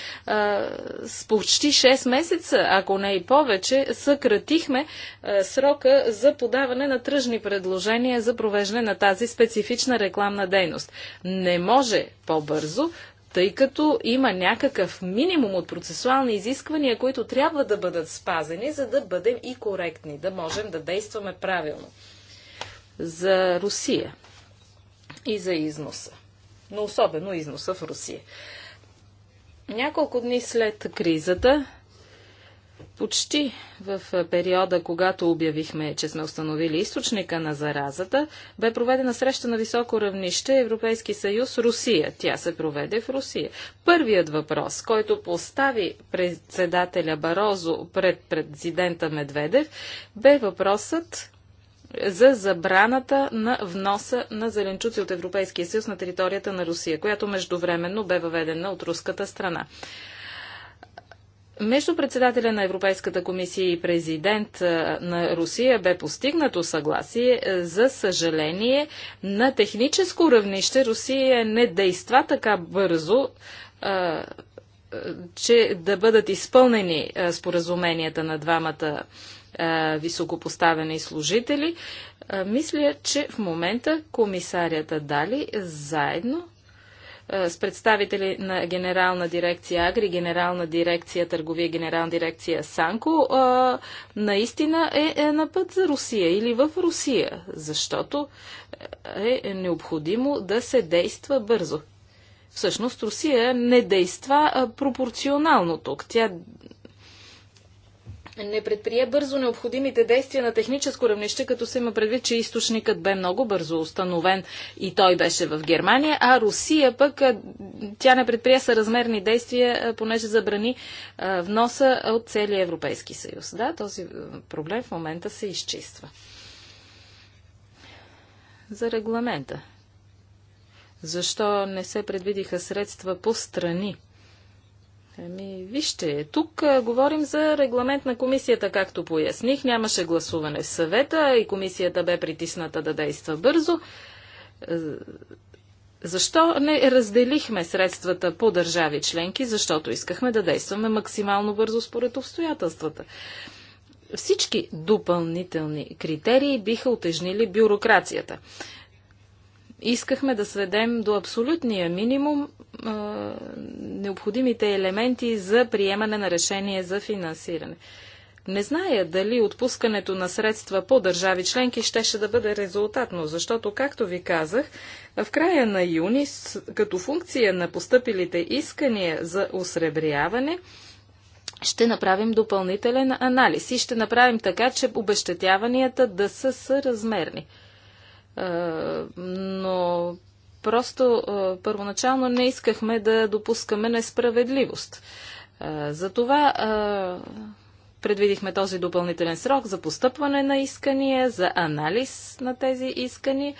с почти 6 месеца, ако не и повече, съкратихме срока за подаване на тръжни предложения за провеждане на тази специфична рекламна дейност. Не може по-бързо, тъй като има някакъв минимум от процесуални изисквания, които трябва да бъдат спазени, за да бъдем и коректни, да можем да действаме правилно. За Русия и за износа. Но особено износа в Русия. Няколко дни след кризата, почти в периода, когато обявихме, че сме установили източника на заразата, бе проведена среща на високо равнище Европейски съюз Русия. Тя се проведе в Русия. Първият въпрос, който постави председателя Барозо пред президента Медведев, бе въпросът за забраната на вноса на зеленчуци от Европейския съюз на територията на Русия, която междувременно бе въведена от руската страна. Между председателя на Европейската комисия и президент на Русия бе постигнато съгласие. За съжаление, на техническо равнище Русия не действа така бързо, че да бъдат изпълнени споразуменията на двамата е, високопоставени служители. Е, мисля, че в момента комисарията Дали заедно е, с представители на Генерална дирекция Агри, Генерална дирекция Търговия, Генерална дирекция Санко, наистина е, е на път за Русия или в Русия, защото е необходимо да се действа бързо. Всъщност Русия не действа пропорционално тук. Тя не предприе бързо необходимите действия на техническо равнище, като се има предвид, че източникът бе много бързо установен и той беше в Германия, а Русия пък тя не предприе съразмерни действия, понеже забрани вноса от целия Европейски съюз. Да, този проблем в момента се изчиства. За регламента. Защо не се предвидиха средства по страни? Еми, вижте, тук а, говорим за регламент на комисията, както поясних. Нямаше гласуване в съвета и комисията бе притисната да действа бързо. Е, защо не разделихме средствата по държави членки? Защото искахме да действаме максимално бързо според обстоятелствата. Всички допълнителни критерии биха отежнили бюрокрацията искахме да сведем до абсолютния минимум а, необходимите елементи за приемане на решение за финансиране. Не зная дали отпускането на средства по държави членки щеше да бъде резултатно, защото, както ви казах, в края на юни, като функция на поступилите искания за осребряване, ще направим допълнителен анализ и ще направим така, че обещетяванията да са съразмерни. Е, но просто е, първоначално не искахме да допускаме несправедливост. Е, затова предвидихме този допълнителен срок за постъпване на искания, за анализ на тези искания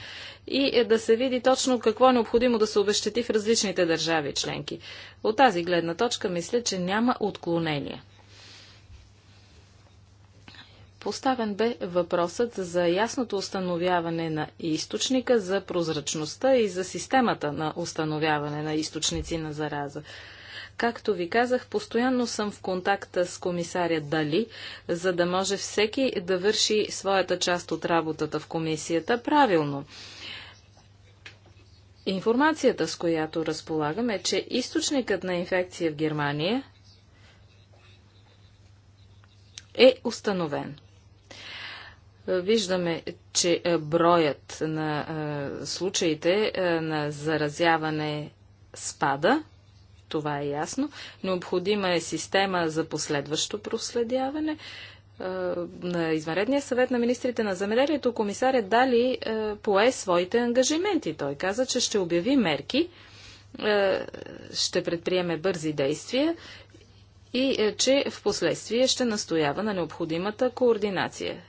и да се види точно какво е необходимо да се обещети в различните държави членки. От тази гледна точка мисля, че няма отклонения. Поставен бе въпросът за ясното установяване на източника, за прозрачността и за системата на установяване на източници на зараза. Както ви казах, постоянно съм в контакта с комисаря Дали, за да може всеки да върши своята част от работата в комисията правилно. Информацията, с която разполагам, е, че източникът на инфекция в Германия е установен. Виждаме, че е, броят на е, случаите е, на заразяване спада. Това е ясно. Необходима е система за последващо проследяване. На извънредния съвет на министрите на замеделието комисаря Дали пое своите ангажименти. Той каза, че ще обяви мерки, ще предприеме бързи действия и че в последствие ще настоява на необходимата координация.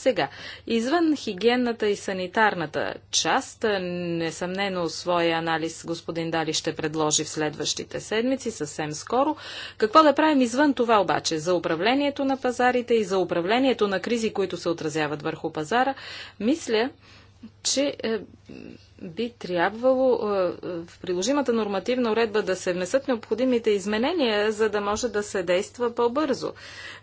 Сега, извън хигиенната и санитарната част, несъмнено своя анализ господин Дали ще предложи в следващите седмици, съвсем скоро. Какво да правим извън това обаче? За управлението на пазарите и за управлението на кризи, които се отразяват върху пазара, мисля, че е, би трябвало е, в приложимата нормативна уредба да се внесат необходимите изменения, за да може да се действа по-бързо.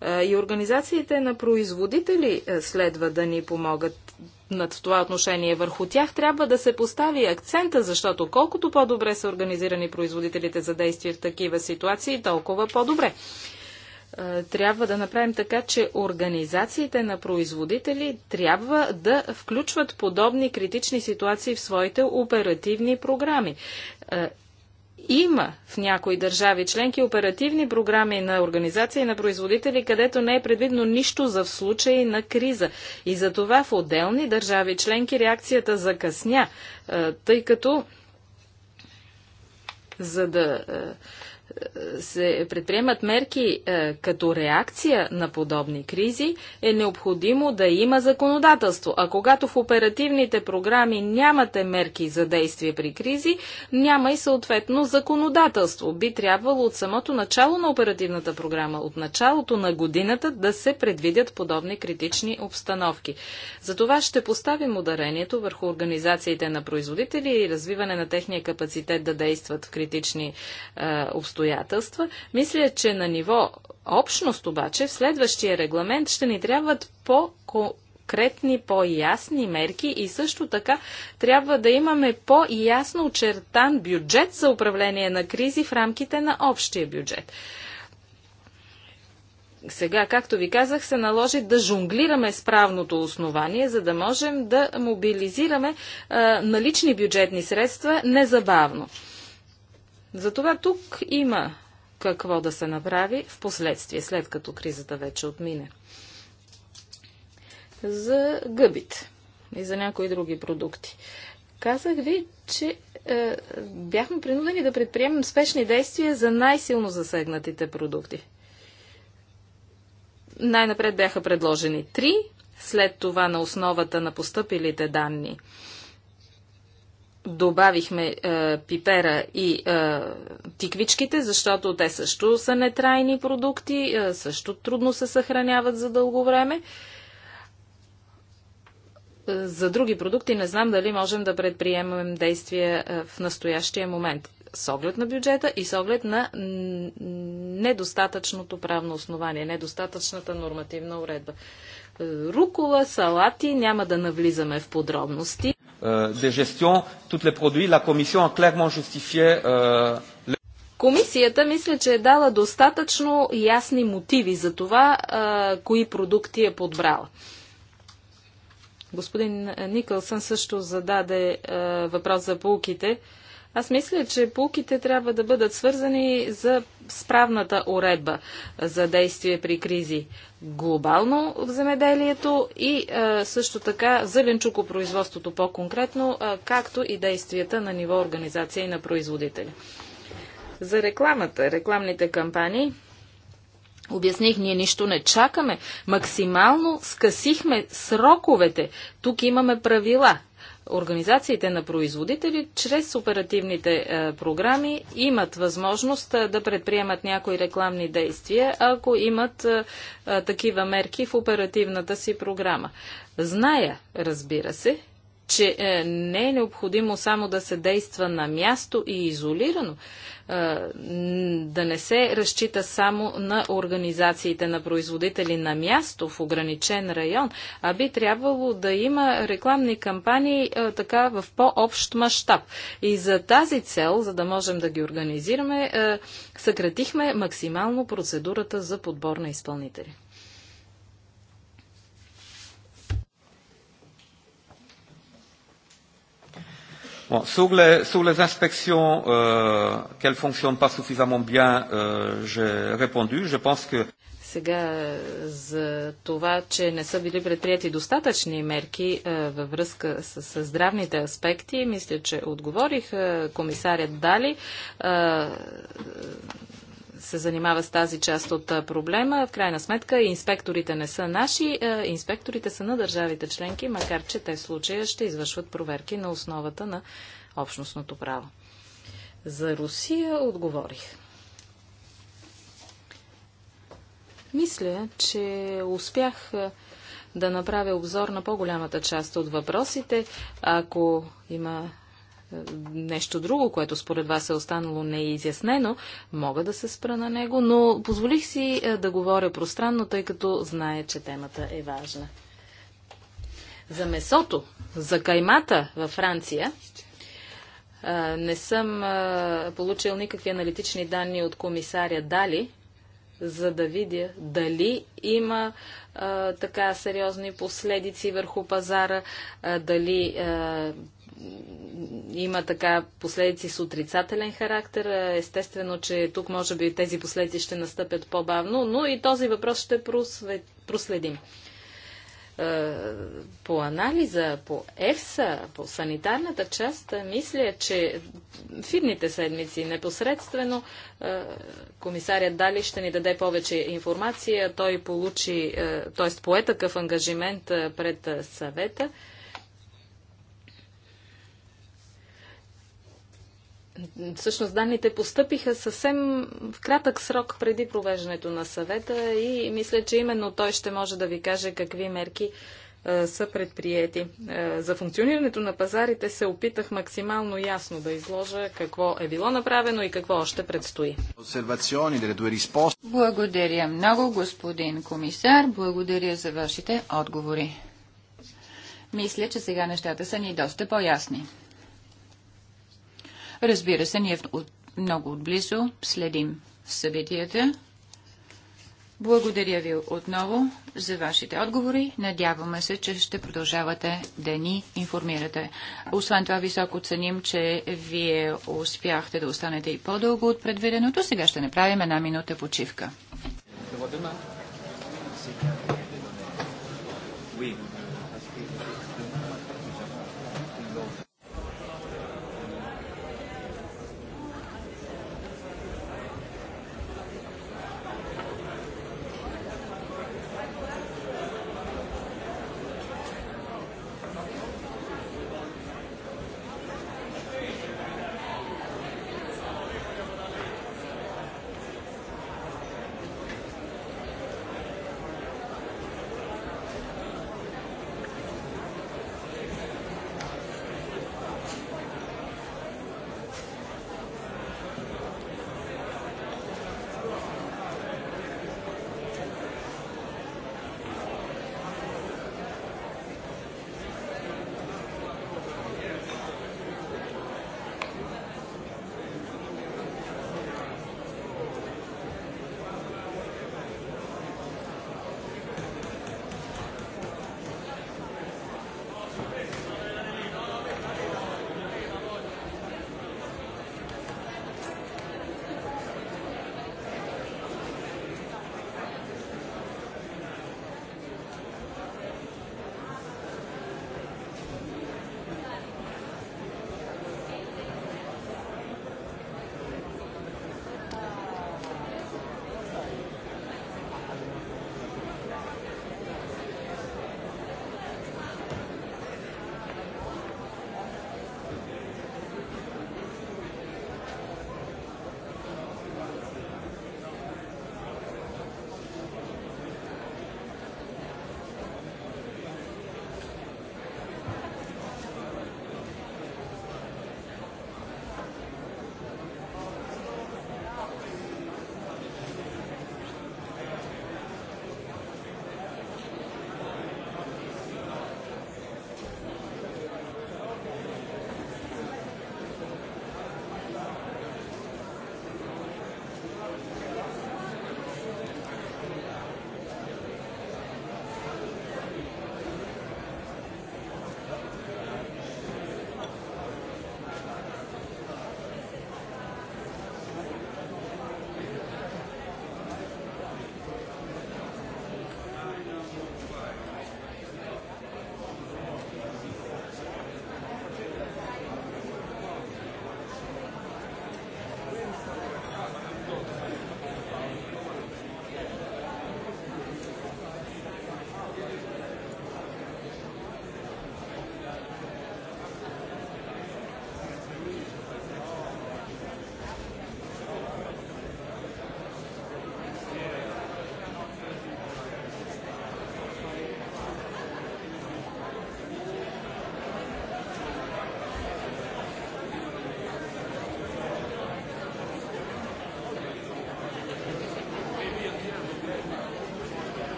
Е, и организациите на производители е, следва да ни помогат над това отношение. Върху тях трябва да се постави акцента, защото колкото по-добре са организирани производителите за действие в такива ситуации, толкова по-добре. Е, трябва да направим така, че организациите на производители трябва да включват подобни критични ситуации в своите оперативни програми. Е, има в някои държави членки оперативни програми на организации на производители, където не е предвидно нищо за в случай на криза. И за това в отделни държави членки реакцията закъсня, е, тъй като за да се предприемат мерки е, като реакция на подобни кризи, е необходимо да има законодателство. А когато в оперативните програми нямате мерки за действие при кризи, няма и съответно законодателство. Би трябвало от самото начало на оперативната програма, от началото на годината да се предвидят подобни критични обстановки. Затова ще поставим ударението върху организациите на производители и развиване на техния капацитет да действат в критични е, обстоятелства обстоятелства. Мисля, че на ниво общност обаче в следващия регламент ще ни трябват по конкретни, по-ясни мерки и също така трябва да имаме по-ясно очертан бюджет за управление на кризи в рамките на общия бюджет. Сега, както ви казах, се наложи да жонглираме с правното основание, за да можем да мобилизираме налични бюджетни средства незабавно. Затова тук има какво да се направи в последствие, след като кризата вече отмине. За гъбите и за някои други продукти. Казах ви, че е, бяхме принудени да предприемем спешни действия за най-силно засегнатите продукти. Най-напред бяха предложени три, след това на основата на поступилите данни – добавихме е, пипера и е, тиквичките, защото те също са нетрайни продукти, е, също трудно се съхраняват за дълго време. Е, за други продукти не знам дали можем да предприемем действия е, в настоящия момент с оглед на бюджета и с оглед на недостатъчното правно основание, недостатъчната нормативна уредба. Е, рукола, салати, няма да навлизаме в подробности. Euh, de gestion, tous les produits, la Commission a clairement justifié euh, Комисията мисля, че е дала достатъчно ясни мотиви за това, а, кои продукти е подбрала. Господин Никълсън също зададе а, е, въпрос за полките. Аз мисля, че полките трябва да бъдат свързани за справната уредба за действие при кризи глобално в земеделието и също така зеленчукопроизводството по-конкретно, както и действията на ниво организация и на производители. За рекламата, рекламните кампании, Обясних, ние нищо не чакаме. Максимално скъсихме сроковете. Тук имаме правила организациите на производители чрез оперативните е, програми имат възможност е, да предприемат някои рекламни действия, ако имат е, е такива мерки в оперативната си програма. Зная, разбира се, че е, не е необходимо само да се действа на място и изолирано, е, да не се разчита само на организациите на производители на място в ограничен район, а би трябвало да има рекламни кампании е, така в по-общ мащаб. И за тази цел, за да можем да ги организираме, съкратихме максимално процедурата за подбор на изпълнители. Bon, sur, les, sur les inspections euh, qu'elles ne fonctionnent pas suffisamment bien, euh, j'ai répondu. Je pense que сега е, за това, че не са били предприяти достатъчни мерки е, във връзка с, с здравните аспекти, мисля, че отговорих. Е, комисарят Дали е, се занимава с тази част от проблема. В крайна сметка инспекторите не са наши, инспекторите са на държавите членки, макар че те в случая ще извършват проверки на основата на общностното право. За Русия отговорих. Мисля, че успях да направя обзор на по-голямата част от въпросите. Ако има нещо друго, което според вас е останало неизяснено, мога да се спра на него, но позволих си е, да говоря пространно, тъй като знае, че темата е важна. За месото, за каймата във Франция, е, не съм е, получил никакви аналитични данни от комисаря Дали, за да видя дали има а, така сериозни последици върху пазара, а, дали а, има така последици с отрицателен характер. Естествено, че тук може би тези последици ще настъпят по-бавно, но и този въпрос ще проследим. Е, по анализа, по ЕФСА, по санитарната част, мисля, че в идните седмици непосредствено е, комисарят Дали ще ни даде повече информация. Той получи, е, т.е. пое такъв ангажимент пред съвета. Всъщност данните постъпиха съвсем в кратък срок преди провеждането на съвета и мисля, че именно той ще може да ви каже какви мерки са предприяти. за функционирането на пазарите се опитах максимално ясно да изложа какво е било направено и какво още предстои. Благодаря много, господин комисар. Благодаря за вашите отговори. Мисля, че сега нещата са ни доста по-ясни. Разбира се, ние от, много отблизо следим събитията. Благодаря ви отново за вашите отговори. Надяваме се, че ще продължавате да ни информирате. Освен това, високо ценим, че вие успяхте да останете и по-дълго от предвиденото. Сега ще направим една минута почивка. Сега.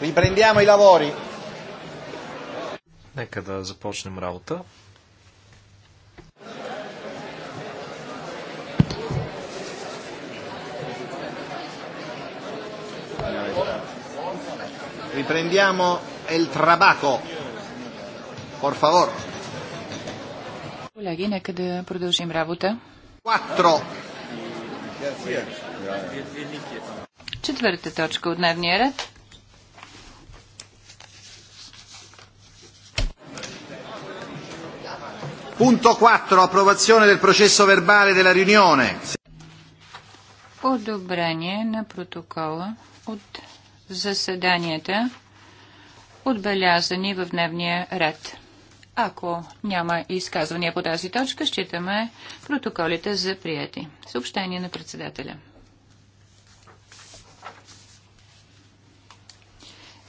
Riprendiamo i lavori. Нека да започнем работа. Riprendiamo il trabaco. Por favor. Колеги, нека да продължим работа. Quattro. Четвърта точка от дневния ред. Punto 4. Approvazione del processo verbale della riunione. Одобрение на протокола от заседанията, отбелязани в дневния ред. Ако няма изказвания по тази точка, считаме протоколите за прияти. Съобщение на председателя.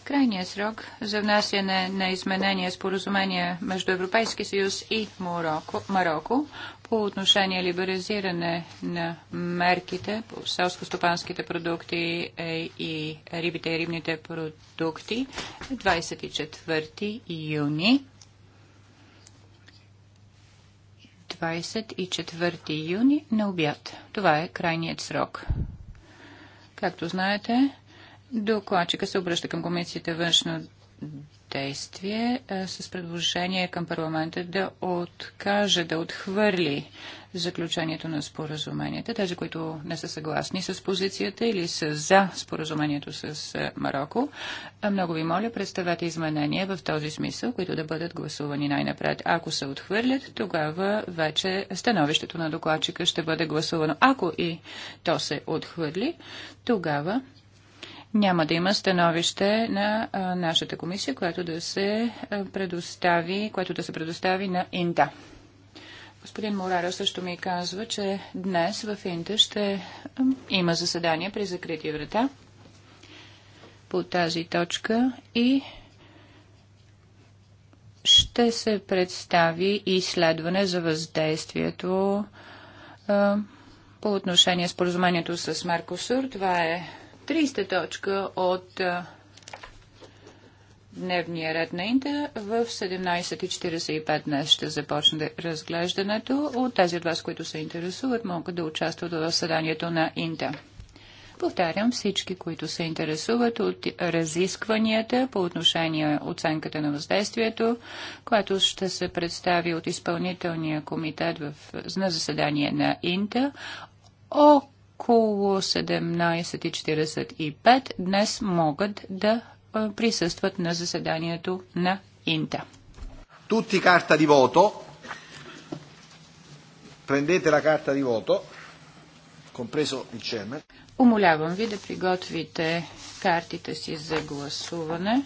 Крайния срок за внасяне на изменение споразумение между Европейски съюз и Марокко, Марокко по отношение либерализиране на мерките по селско-стопанските продукти е, и рибите и рибните продукти 24 юни. 24 юни на обяд. Това е крайният срок. Както знаете, Докладчика се обръща към комисията външно действие е, с предложение към парламента да откаже, да отхвърли заключението на споразуменията. Тези, които не са съгласни с позицията или са за споразумението с е, Марокко, е, много ви моля, представете изменения в този смисъл, които да бъдат гласувани най-напред. Ако се отхвърлят, тогава вече становището на докладчика ще бъде гласувано. Ако и то се отхвърли, тогава няма да има становище на а, нашата комисия, което да се предостави, което да се предостави на Инта. Господин Мораро също ми казва, че днес в Инта ще има заседание при закрити врата по тази точка и ще се представи изследване за въздействието а, по отношение поразумението с Меркосур. Това е 30 точка от дневния ред на Инта в 17.45 днес ще започне разглеждането. От тези от вас, които се интересуват, могат да участват в заседанието на Инта. Повтарям, всички, които се интересуват от разискванията по отношение оценката на въздействието, което ще се представи от изпълнителния комитет в, на заседание на Инта, около около 17.45 днес могат да присъстват на заседанието на Инта. Тути карта ди вото. Prendete la carta di voto, compreso il chairman. Умолявам ви да приготвите картите си за гласуване.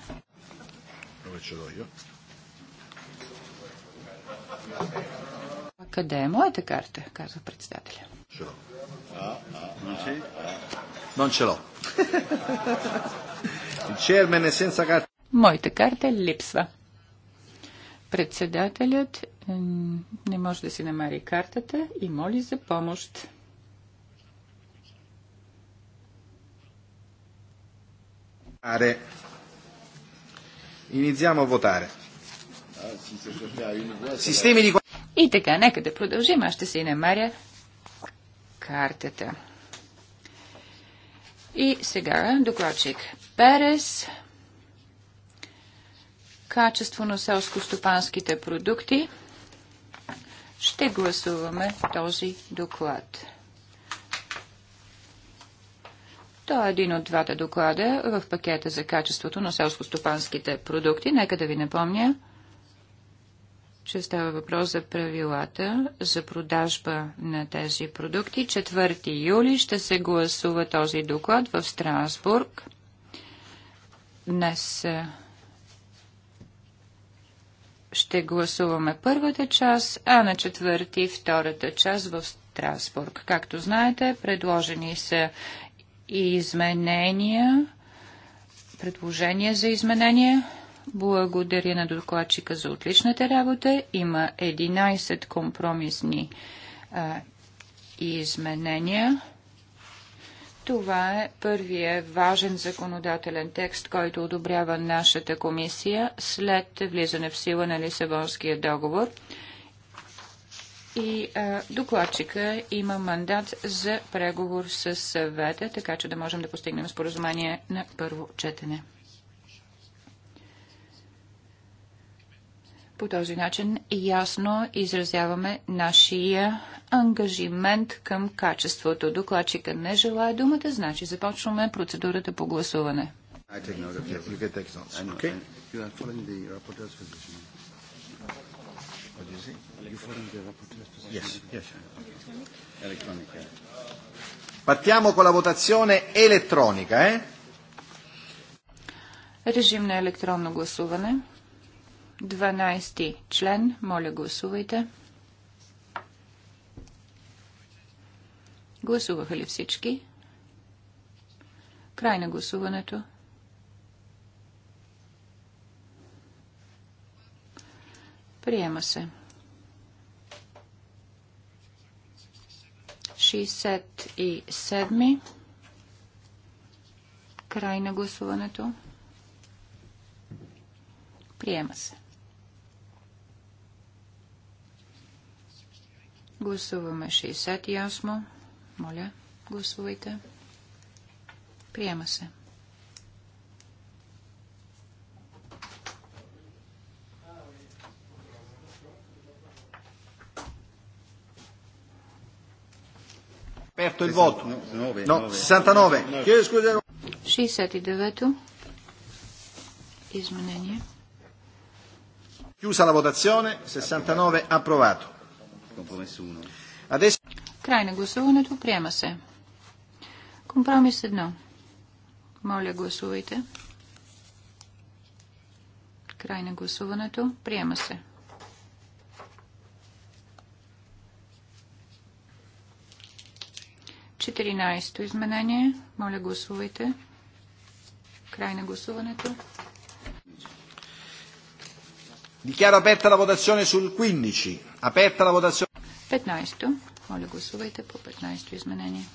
Къде е моята карта? казва председателя. Non c'è? Non ce l'ho. Chairman е senza carte. Моите карта липсва. Председателят не може да си намери картата и моли за помощ. Iniziamo a вотаре. Системи ah, di... И така, нека да продължим. Аз ще си намеря картата. И сега докладчик Перес. Качество на селско-стопанските продукти. Ще гласуваме този доклад. Той е един от двата доклада в пакета за качеството на селско-стопанските продукти. Нека да ви напомня – че става въпрос за правилата за продажба на тези продукти. 4 юли ще се гласува този доклад в Страсбург. Днес е, ще гласуваме първата част, а на 4 втората част в Страсбург. Както знаете, предложени са изменения, предложения за изменения благодаря на докладчика за отличната работа. Има 11 компромисни а, изменения. Това е първия важен законодателен текст, който одобрява нашата комисия след влизане в сила на Лисабонския договор. И а, докладчика има мандат за преговор с съвета, така че да можем да постигнем споразумение на първо четене. По този начин ясно изразяваме нашия ангажимент към качеството. Докладчика не желая думата, значи започваме процедурата по гласуване. Partiamo con la votazione elettronica, eh? Режим на електронно гласуване. 12 член. Моля, гласувайте. Гласуваха ли всички? Край на гласуването. Приема се. 67. Край на гласуването. Приема се. Гласуваме 68. Моля, гласувайте. Приема се. Aperto il voto. No, 69. Chiedo Изменение. Chiusa la votazione, 69 approvato. Компромис 1. Адес... Край на гласуването. Приема се. Компромис 1. Моля, гласувайте. Край на гласуването. Приема се. Четиринайсто изменение. Моля, гласувайте. Край на гласуването. Dichiaro aperta la votazione sul 15. Aperta la votazione. 15-то. Моля, гласувайте по 15-то изменение.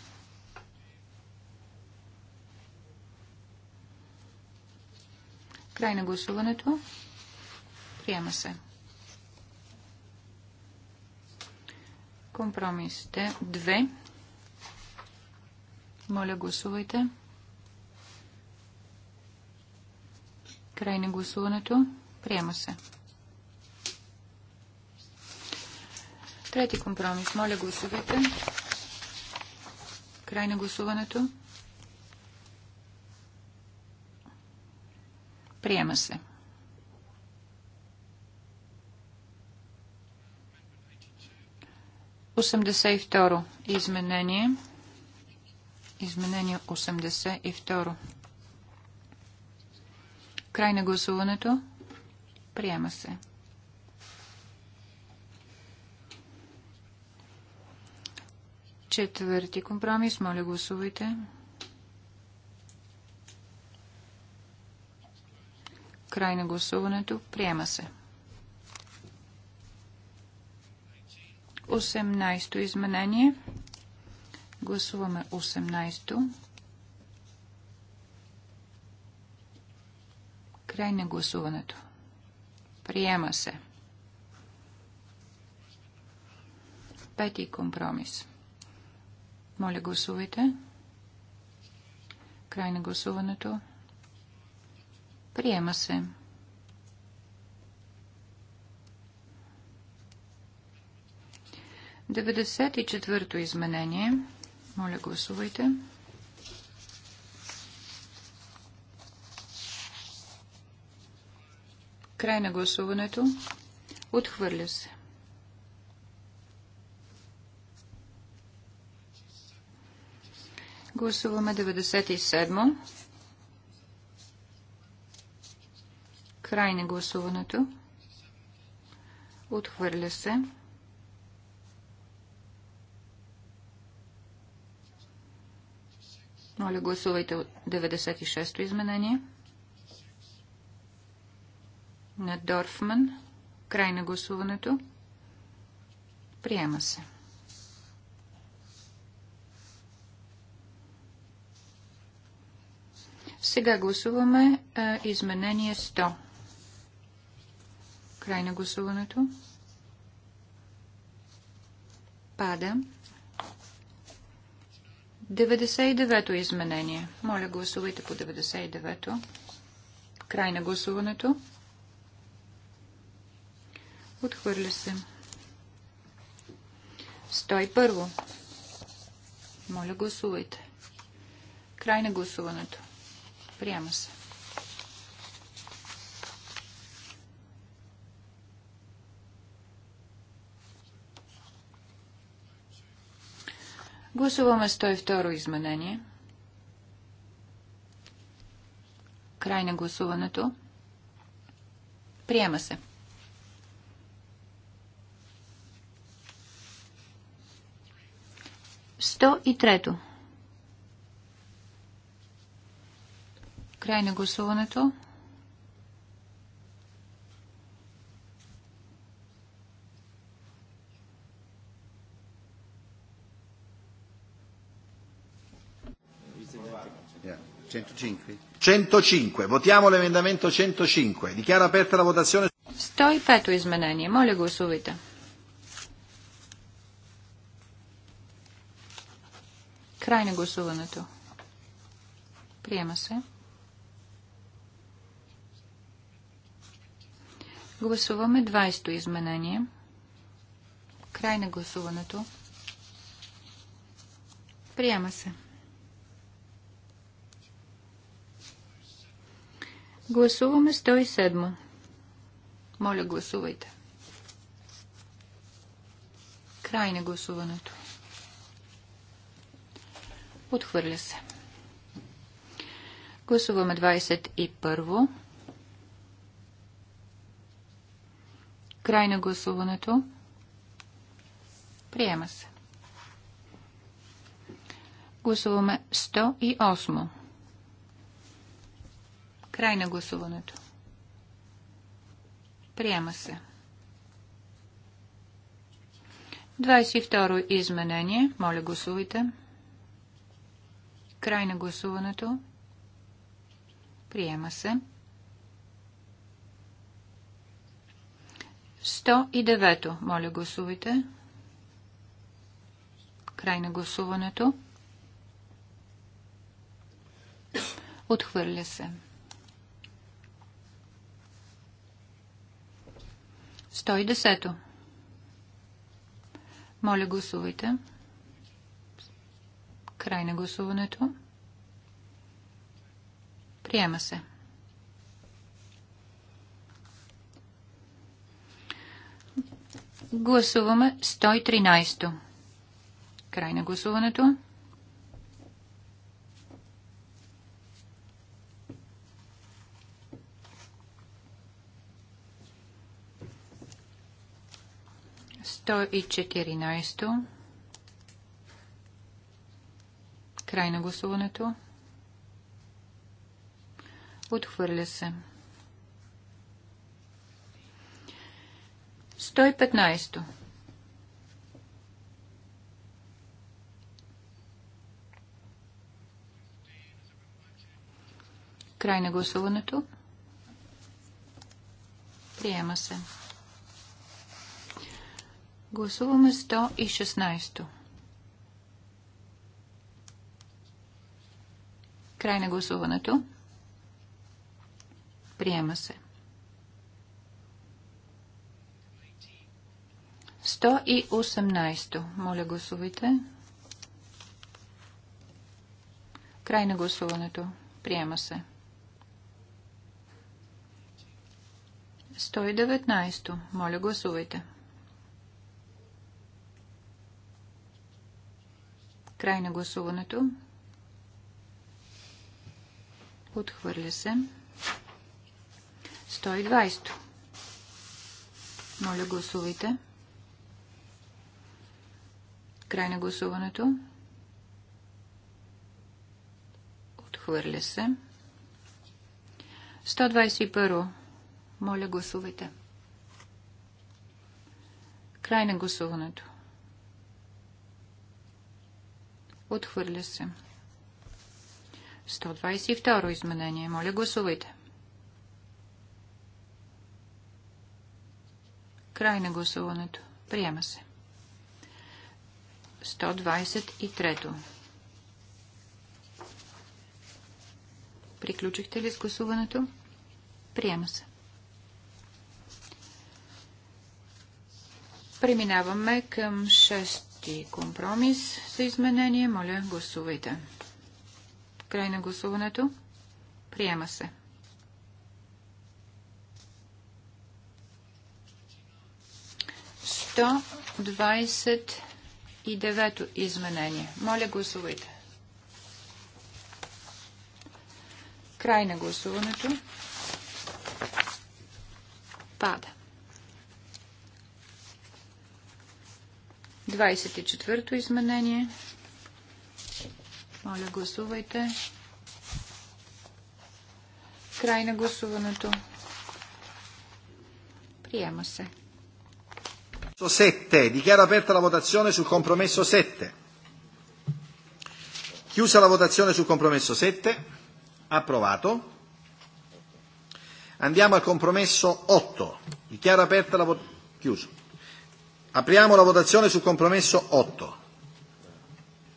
Край на гласуването. Приема се. Компромисите 2. Моля, гласувайте. Край на гласуването. Приема се. Трети компромис. Моля, гласувайте. Край на гласуването. Приема се. Осемдесет и второ изменение. Изменение 82. Край на гласуването. Приема се. Четвърти компромис. Моля, гласувайте. Край на гласуването. Приема се. 18-то изменение. Гласуваме 18-то. Край на гласуването. Приема се. Пети компромис. Моля, гласувайте. Край на гласуването. Приема се. Деветдесет и четвърто изменение. Моля, гласувайте. Край на гласуването. Отхвърля се. Гласуваме 97. Край на гласуването. Отхвърля се. Моля, гласувайте от 96-то изменение. На Дорфман. Край на гласуването. Приема се. Сега гласуваме а, изменение 100. Край на гласуването. Пада. 99-то изменение. Моля, гласувайте по 99-то. Край на гласуването. Отхвърля се. 101. Моля, гласувайте. Край на гласуването. Приема се. Гласуваме 102 изменение. Край на гласуването. Приема се. Сто и трето. Край на гласуването. Yeah. 105. 105. Votiamo l'emendamento 105. Dichiaro aperta la votazione. 105 изменение. Моля гласувайте. Край на гласуването. Приема се. Гласуваме 20-то изменение. Край на гласуването. Приема се. Гласуваме 107. Моля, гласувайте. Край на гласуването. Отхвърля се. Гласуваме 21. во Край на гласуването. Приема се. Гласуваме 108. Край на гласуването. Приема се. 22 изменение. Моля гласувайте. Край на гласуването. Приема се. 109. Моля, гласувайте. Край на гласуването. Отхвърля се. 110. Моля, гласувайте. Край на гласуването. Приема се. Гласуваме 113. Край на гласуването. Сто и четиринайсто. Край на гласуването. Отхвърля се. 115. Край на гласуването. Приема се. Гласуваме 116. Край на гласуването. Приема се. 118. Моля, гласувайте. Край на гласуването. Приема се. 119. Моля, гласувайте. Край на гласуването. Отхвърля се. 120. Моля, гласувайте. Край на гласуването. Отхвърля се. 121. Моля, гласувайте. Край на гласуването. Отхвърля се. 122 изменение. Моля, гласувайте. Край на гласуването. Приема се. 123. Приключихте ли с гласуването? Приема се. Преминаваме към 6 компромис за изменение. Моля, гласувайте. Край на гласуването. Приема се. двадесет. И девето изменение. Моля, гласувайте. Край на гласуването. Пада. 24-то изменение. Моля, гласувайте. Край на гласуването. Приема се. 7. Dichiaro aperta la votazione sul compromesso 7. Chiusa la votazione sul compromesso 7. Approvato. Andiamo al compromesso 8. Dichiaro aperta la votazione. Chiuso. Apriamo la votazione sul compromesso 8.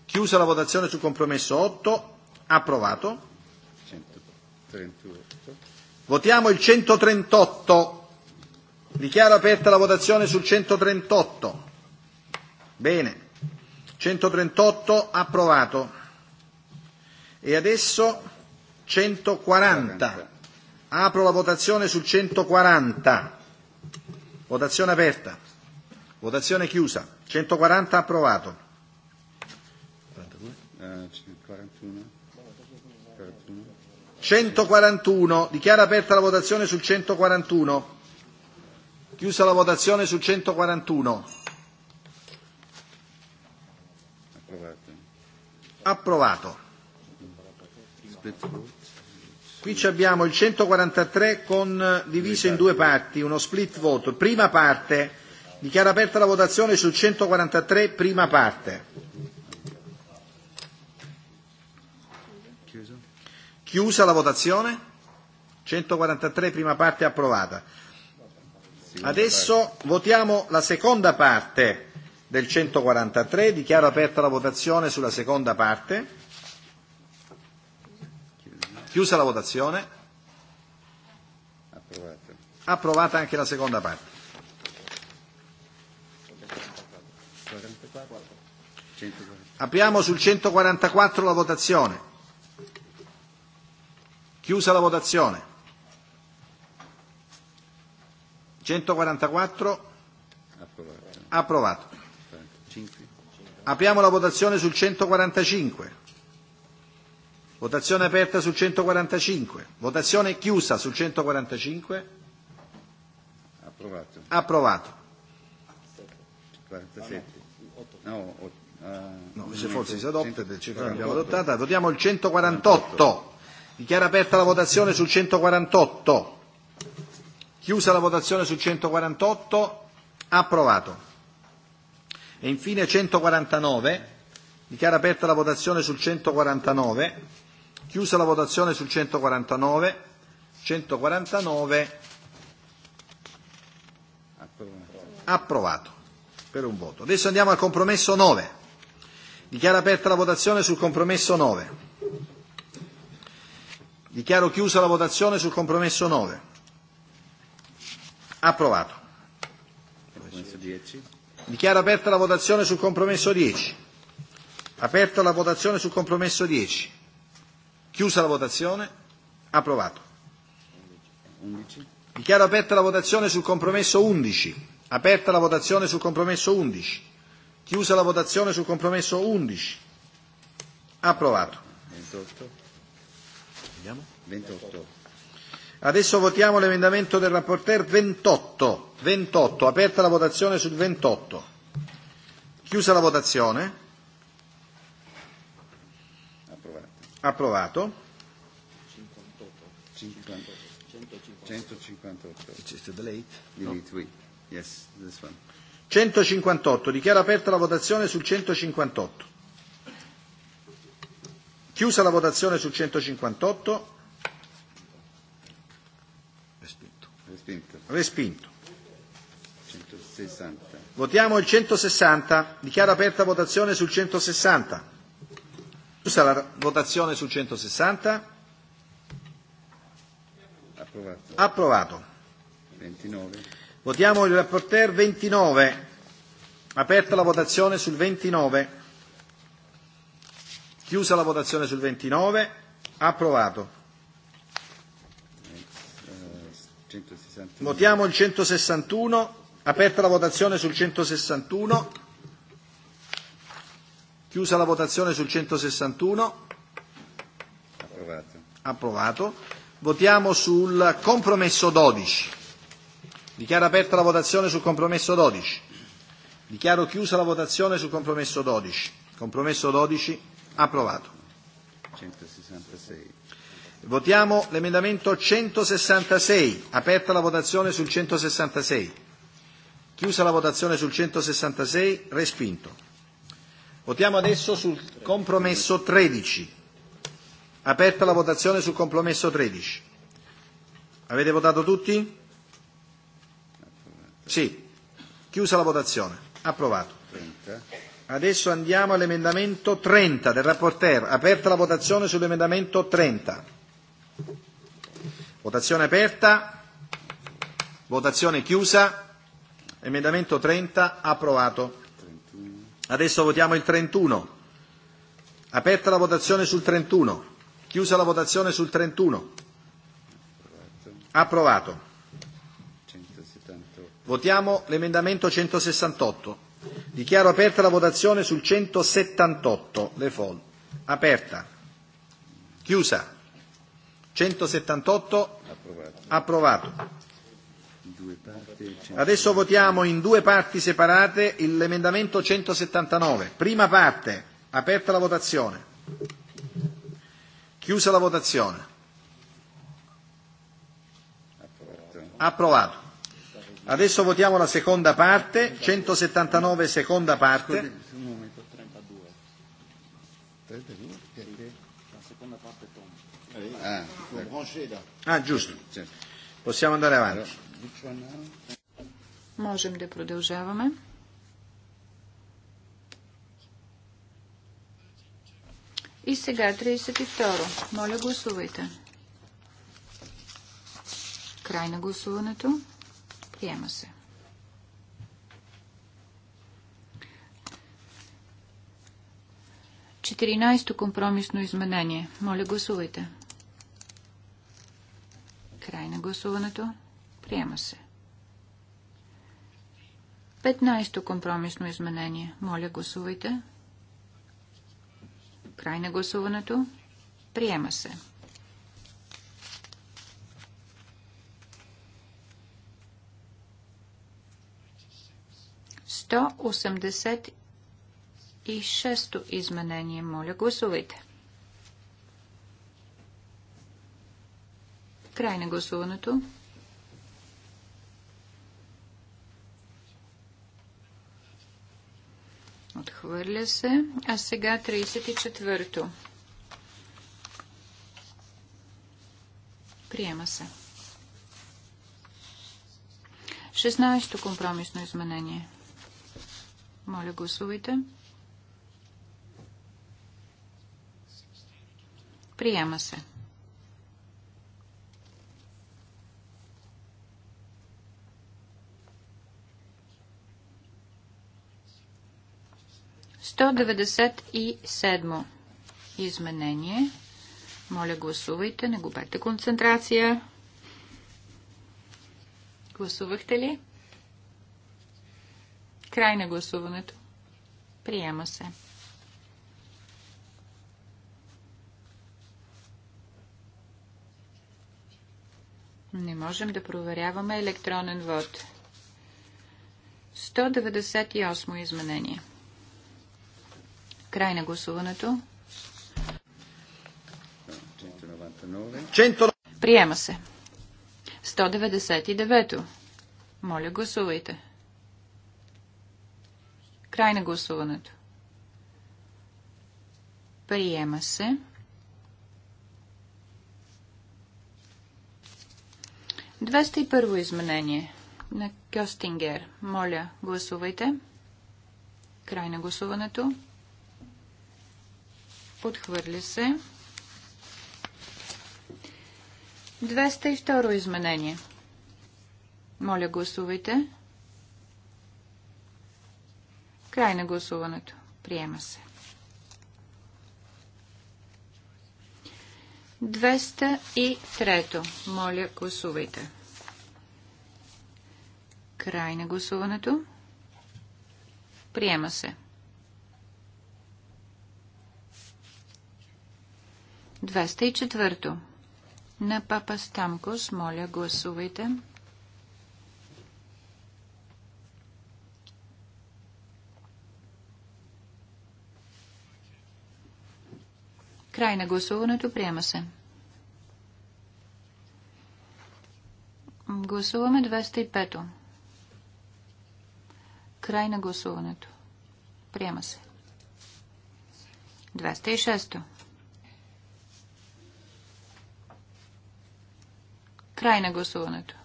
Chiusa la votazione sul compromesso 8. Approvato. 138. Votiamo il 138. Dichiaro aperta la votazione sul 138. Bene. 138 approvato. E adesso 140. Apro la votazione sul 140. Votazione aperta. Votazione chiusa. 140 approvato. 141. Dichiaro aperta la votazione sul 141. Chiusa la votazione su 141. Approvato. Approvato. Qui abbiamo il 143 con diviso in due parti, uno split vote. Prima parte. Dichiara aperta la votazione sul 143, prima parte. Chiusa la votazione. 143, prima parte approvata. Adesso votiamo la seconda parte del 143, dichiaro aperta la votazione sulla seconda parte. Chiusa la votazione. Approvata. anche la seconda parte. 144. Apriamo sul 144 la votazione. Chiusa la votazione. 144 approvato. Apriamo la votazione sul 145. Votazione aperta sul 145. Votazione chiusa sul 145. Approvato. Approvato. 47. No, no, se forse si adotta, abbiamo adottata. Votiamo il 148. Dichiara aperta la votazione sul 148. Chiusa la votazione su 148, approvato. E infine 149, dichiara aperta la votazione sul 149, chiusa la votazione sul 149, 149 approvato per un voto. Adesso andiamo al compromesso 9. Dichiara aperta la votazione sul compromesso 9. Dichiaro chiusa la votazione sul compromesso 9. Approvato. Dichiaro aperta la votazione sul compromesso 10. Aperta la votazione sul compromesso 10. Chiusa la votazione. Approvato. Dichiaro aperta la votazione sul compromesso 11. Aperta la votazione sul compromesso 11. Chiusa la votazione sul compromesso 11. Approvato. 28. 28. Adesso votiamo l'emendamento del rapporteur 28. 28. Aperta la votazione sul 28. Chiusa la votazione. Approvato. Approvato. 158. Dichiaro aperta la votazione sul 158. Chiusa la votazione sul 158. Respinto. 160. Votiamo il 160. Dichiaro aperta votazione sul 160. Questa la votazione sul 160. Approvato. Approvato. 29. Votiamo il rapporteur 29. Aperta la votazione sul 29. Chiusa la votazione sul 29. Approvato. 160. Votiamo il 161. Aperta la votazione sul 161. Chiusa la votazione sul 161. Approvato. Approvato. Votiamo sul compromesso 12. Dichiaro aperta la votazione sul compromesso 12. Dichiaro chiusa la votazione sul compromesso 12. Compromesso 12 approvato. 166. Votiamo l'emendamento 166. Aperta la votazione sul 166. Chiusa la votazione sul 166. Respinto. Votiamo adesso sul compromesso 13. Aperta la votazione sul compromesso 13. Avete votato tutti? Sì. Chiusa la votazione. Approvato. Adesso andiamo all'emendamento 30 del rapporteur. Aperta la votazione sull'emendamento 30. Votazione aperta. Votazione chiusa. Emendamento 30 approvato. Adesso votiamo il 31. Aperta la votazione sul 31. Chiusa la votazione sul 31. Approvato. Votiamo l'emendamento 168. Dichiaro aperta la votazione sul 178. Le Fall. Aperta. Chiusa. 178 approvato. Adesso votiamo in due parti separate l'emendamento 179. Prima parte, aperta la votazione. Chiusa la votazione. Approvato. Adesso votiamo la seconda parte, 179 seconda parte. La seconda parte а, ah, giusto. Possiamo andare avanti. Можем да продължаваме. И сега 32. Моля, гласувайте. Край на гласуването. Приема се. Четиринайсто компромисно изменение. Моля, гласувайте. Край на гласуването. Приема се. 15-то компромисно изменение. Моля, гласувайте. Край на гласуването. Приема се. 186-то изменение. Моля, гласувайте. Край на гласуването. Отхвърля се. А сега 34-то. Приема се. 16-то компромисно изменение. Моля, гласувайте. Приема се. 197 изменение. Моля, гласувайте, не губете концентрация. Гласувахте ли? Край на гласуването. Приема се. Не можем да проверяваме електронен вод. 198 изменение. Край на гласуването. Приема се. 199. Моля, гласувайте. Край на гласуването. Приема се. 201 изменение на Кьостингер. Моля, гласувайте. Край на гласуването. Подхвърля се. 202 изменение. Моля, гласувайте. Край на гласуването. Приема се. 203. Моля, гласувайте. Край на гласуването. Приема се. 204 на Папа Стамкос. Моля, гласувайте. Край на гласуването. Приема се. Гласуваме 205. Край на гласуването. Приема се. 206. Край на гласуването.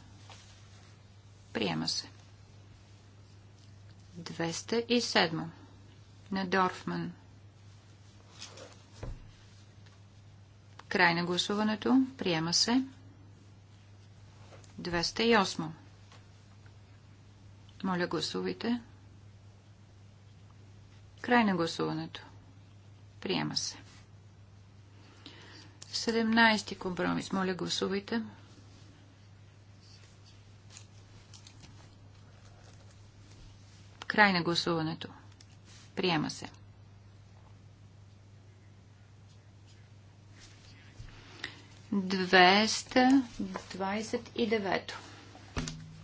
Приема се. 207. На Дорфман. Край на гласуването. Приема се. 208. Моля, гласувайте. Край на гласуването. Приема се. 17 компромис. Моля, гласувайте. Край на гласуването. Приема се. Двеста двадесет и девето.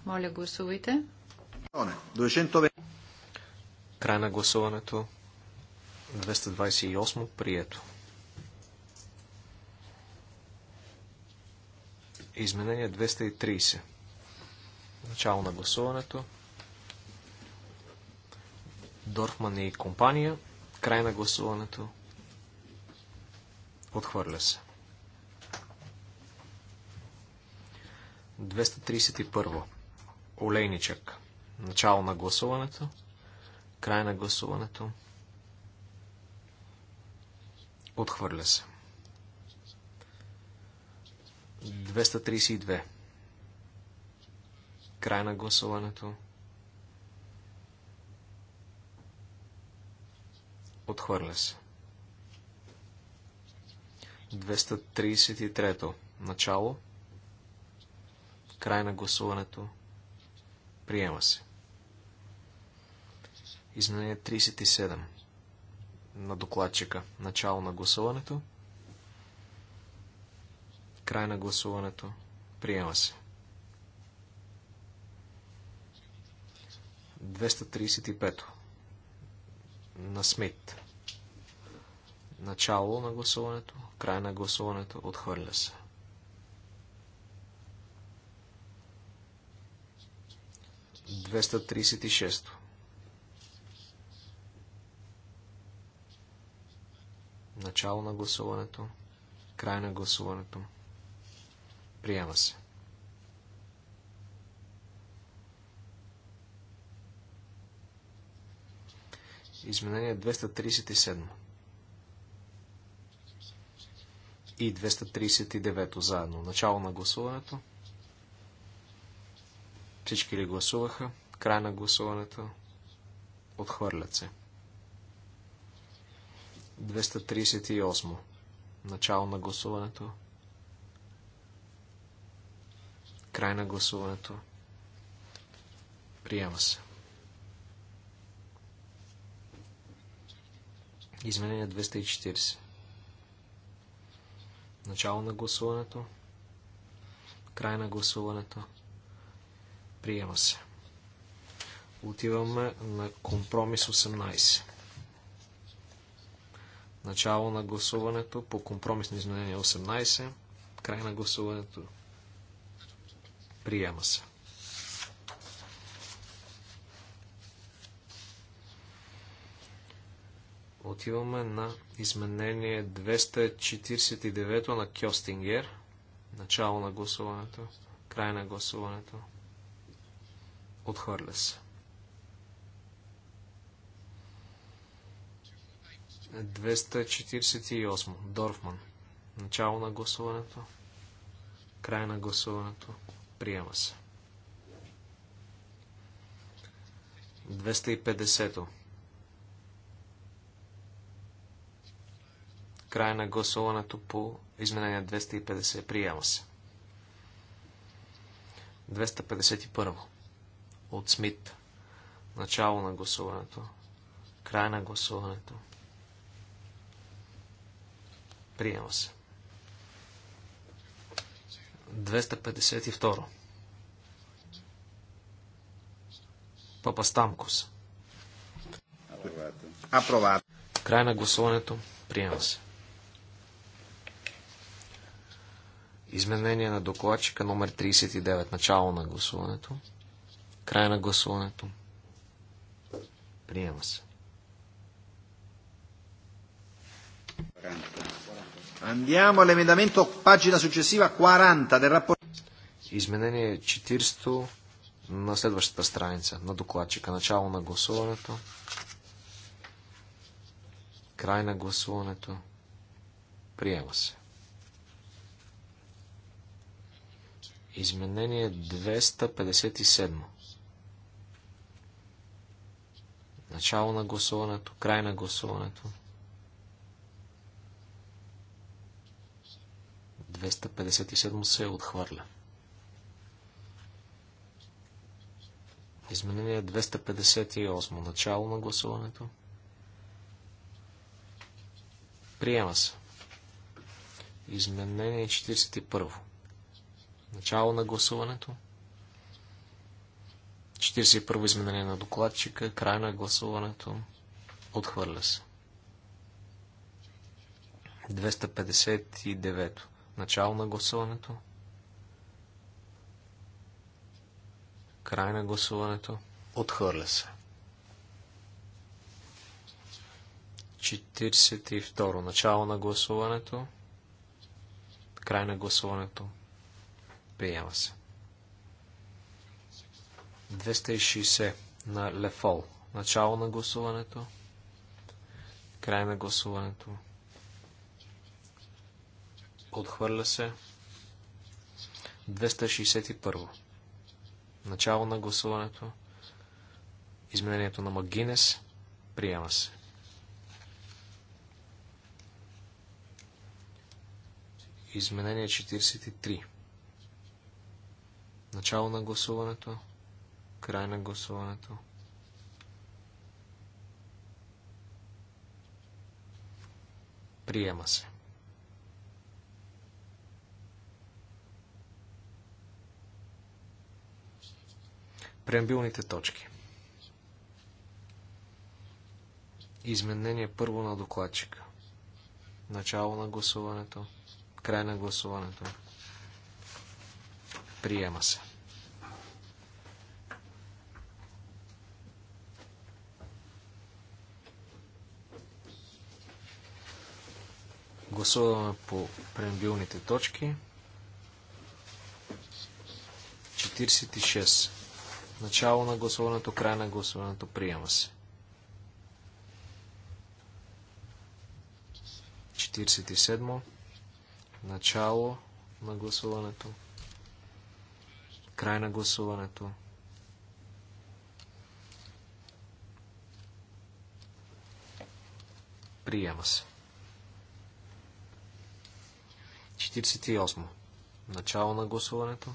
Моля, гласувайте. Край на гласуването. 228 прието. Изменение 230. Начало на гласуването. Дорфман и компания. Край на гласуването. Отхвърля се. 231. Олейничък. Начало на гласуването. Край на гласуването. Отхвърля се. 232. Край на гласуването. Отхвърля се. 233. Начало. Край на гласуването. Приема се. Изменение 37 на докладчика. Начало на гласуването. Край на гласуването. Приема се. 235 на Смит. Начало на гласуването, край на гласуването, отхвърля се. Двеста Начало на гласуването, край на гласуването. Приема се. Изменение 237 и 239 заедно. Начало на гласуването. Всички ли гласуваха? Край на гласуването. Отхвърлят се. 238. Начало на гласуването. Край на гласуването. Приема се. Изменение 240. Начало на гласуването. Край на гласуването. Приема се. Отиваме на компромис 18. Начало на гласуването по компромисно изменение 18. Край на гласуването. Приема се. Отиваме на изменение 249 на Кьостингер. Начало на гласуването. Край на гласуването. Отхвърля се. 248. Дорфман. Начало на гласуването. Край на гласуването. Приема се. 250. Край на гласуването по изменение 250. Приема се. 251. От Смит. Начало на гласуването. Край на гласуването. Приема се. 252. Папа Апровато. Край на гласуването. Приема се. Изменение на докладчика номер 39. Начало на гласуването. Край на гласуването. Приема се. Andiamo all'emendamento pagina successiva 40 del rapporto. Изменение 40 на следващата страница на докладчика. Начало на гласуването. Край на гласуването. Приема се. Изменение 257. Начало на гласуването, край на гласуването. 257 се отхвърля. Изменение 258. Начало на гласуването. Приема се. Изменение 41. Начало на гласуването. 41 во изменение на докладчика. Край на гласуването. Отхвърля се. 259. Начало на гласуването. Край на гласуването. Отхвърля се. 42. Начало на гласуването. Край на гласуването. Приема се. 260 на Лефол. Начало на гласуването. Край на гласуването. Отхвърля се. 261. Начало на гласуването. Изменението на Магинес. Приема се. Изменение 43. Начало на гласуването. Край на гласуването. Приема се. Преамбилните точки. Изменение първо на докладчика. Начало на гласуването. Край на гласуването. Приема се. Гласуваме по преамбилните точки. 46. Начало на гласуването, край на гласуването, приема се. 47. Начало на гласуването, Край на гласуването. Приема се. 48. Начало на гласуването.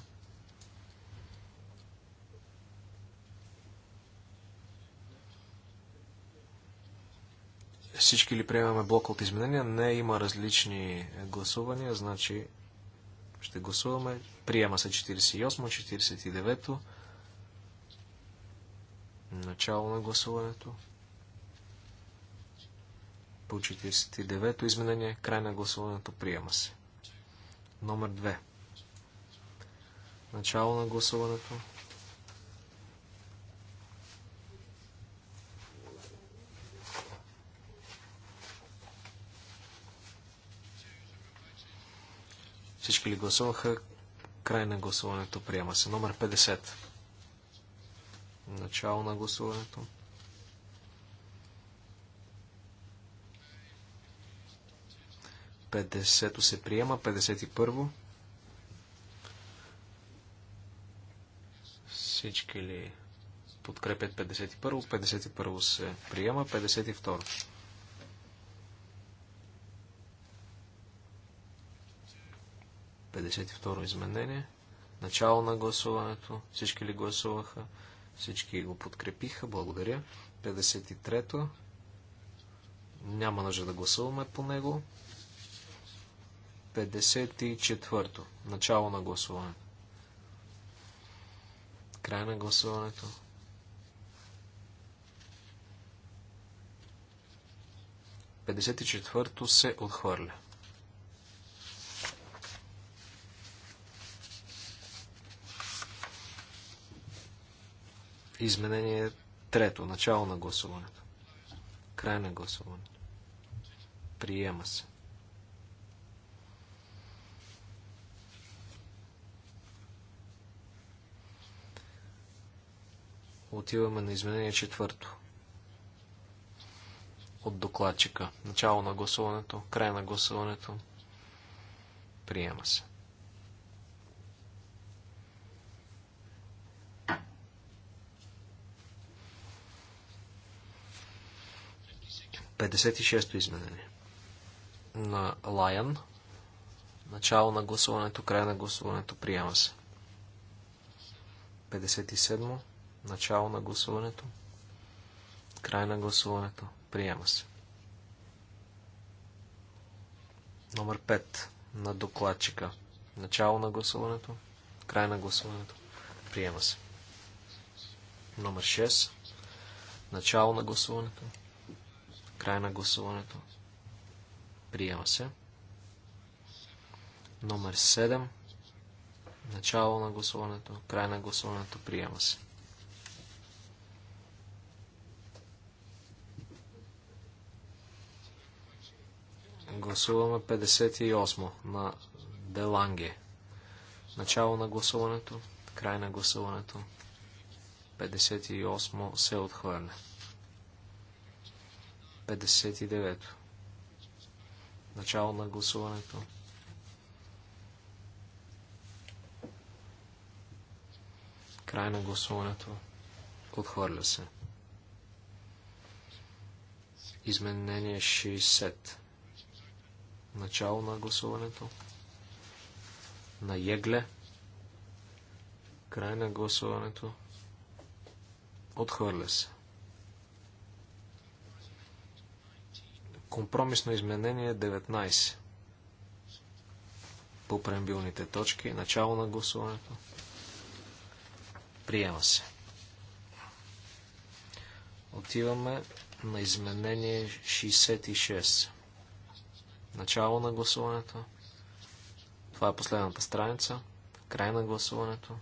Всички ли приемаме блок от изменения? Не, има различни гласувания, значи ще гласуваме. Приема се 48-49. Начало на гласуването. По 49-то изменение, край на гласуването, приема се. Номер 2. Начало на гласуването. Всички ли гласуваха? Край на гласуването приема се. Номер 50. Начало на гласуването. Петдесето се приема. 51. Всички ли подкрепят 51? во 51 се приема. 52. 52 изменение. Начало на гласуването. Всички ли гласуваха? Всички го подкрепиха. Благодаря. 53-то. Няма нужда да гласуваме по него. 54-то. Начало на гласуването. Край на гласуването. Петдесет и четвърто се отхвърля. Изменение трето. Начало на гласуването. Край на гласуването. Приема се. Отиваме на изменение четвърто. От докладчика. Начало на гласуването. Край на гласуването. Приема се. 56-то изменение на Lion. Начало на гласуването, край на гласуването, приема се. 57. Начало на гласуването, край на гласуването, приема се. Номер 5 на докладчика. Начало на гласуването, край на гласуването, приема се. Номер 6. Начало на гласуването, Край на гласуването. Приема се. Номер 7. Начало на гласуването. Край на гласуването. Приема се. Гласуваме 58 на Деланге. Начало на гласуването, край на гласуването. 58 се отхвърля. 59. Начало на гласуването. Край на гласуването. Отхвърля се. Изменение 60. Начало на гласуването. На Егле. Край на гласуването. Отхвърля се. Компромисно изменение 19 по преамбилните точки. Начало на гласуването. Приема се. Отиваме на изменение 66. Начало на гласуването. Това е последната страница. Край на гласуването.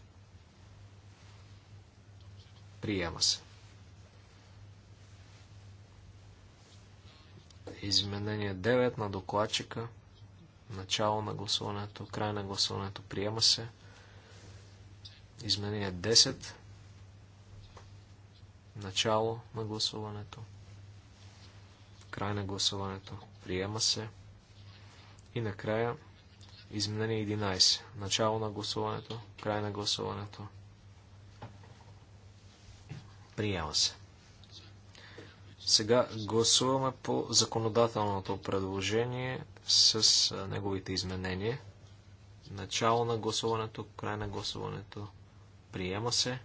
Приема се. Изменение 9 на докладчика. Начало на гласуването, край на гласуването, приема се. Изменение 10. Начало на гласуването. Край на гласуването. Приема се. И накрая изменение 11. Начало на гласуването. Край на гласуването. Приема се. Сега гласуваме по законодателното предложение с неговите изменения. Начало на гласуването, край на гласуването. Приема се.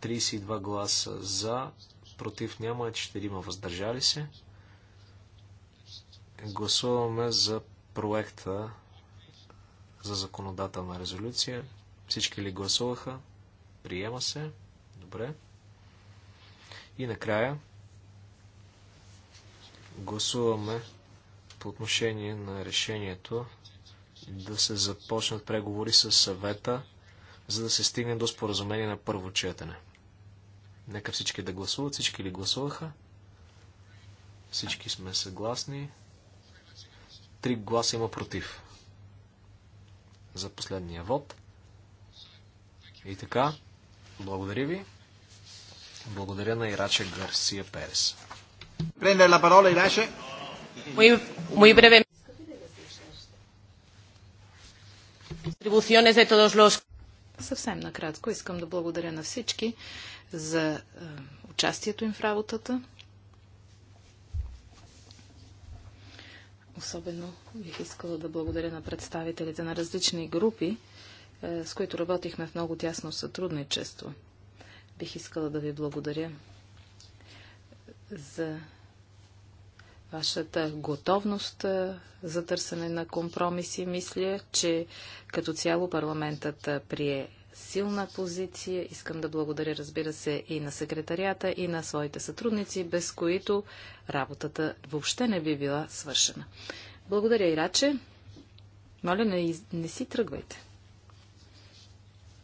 Тридесет два гласа за, против няма, 4 въздържали се. Гласуваме за проекта за законодателна резолюция. Всички ли гласуваха? Приема се. Добре. И накрая гласуваме по отношение на решението да се започнат преговори с съвета, за да се стигне до споразумение на първо четене. Нека всички да гласуват. Всички ли гласуваха? Всички сме съгласни. Три гласа има против за последния вод. И така, благодаря ви. Благодаря на Ираче Гарсия Перес. Prendere la Muy, breve. todos los... Съвсем накратко искам да благодаря на всички за е, участието им в работата. Особено бих искала да благодаря на представителите на различни групи, е, с които работихме в много тясно сътрудничество. Бих искала да ви благодаря за вашата готовност е, за търсене на компромиси. Мисля, че като цяло парламентът е, прие силна позиция. Искам да благодаря, разбира се, и на секретарията, и на своите сътрудници, без които работата въобще не би била свършена. Благодаря, Ираче. Моля, не, не си тръгвайте.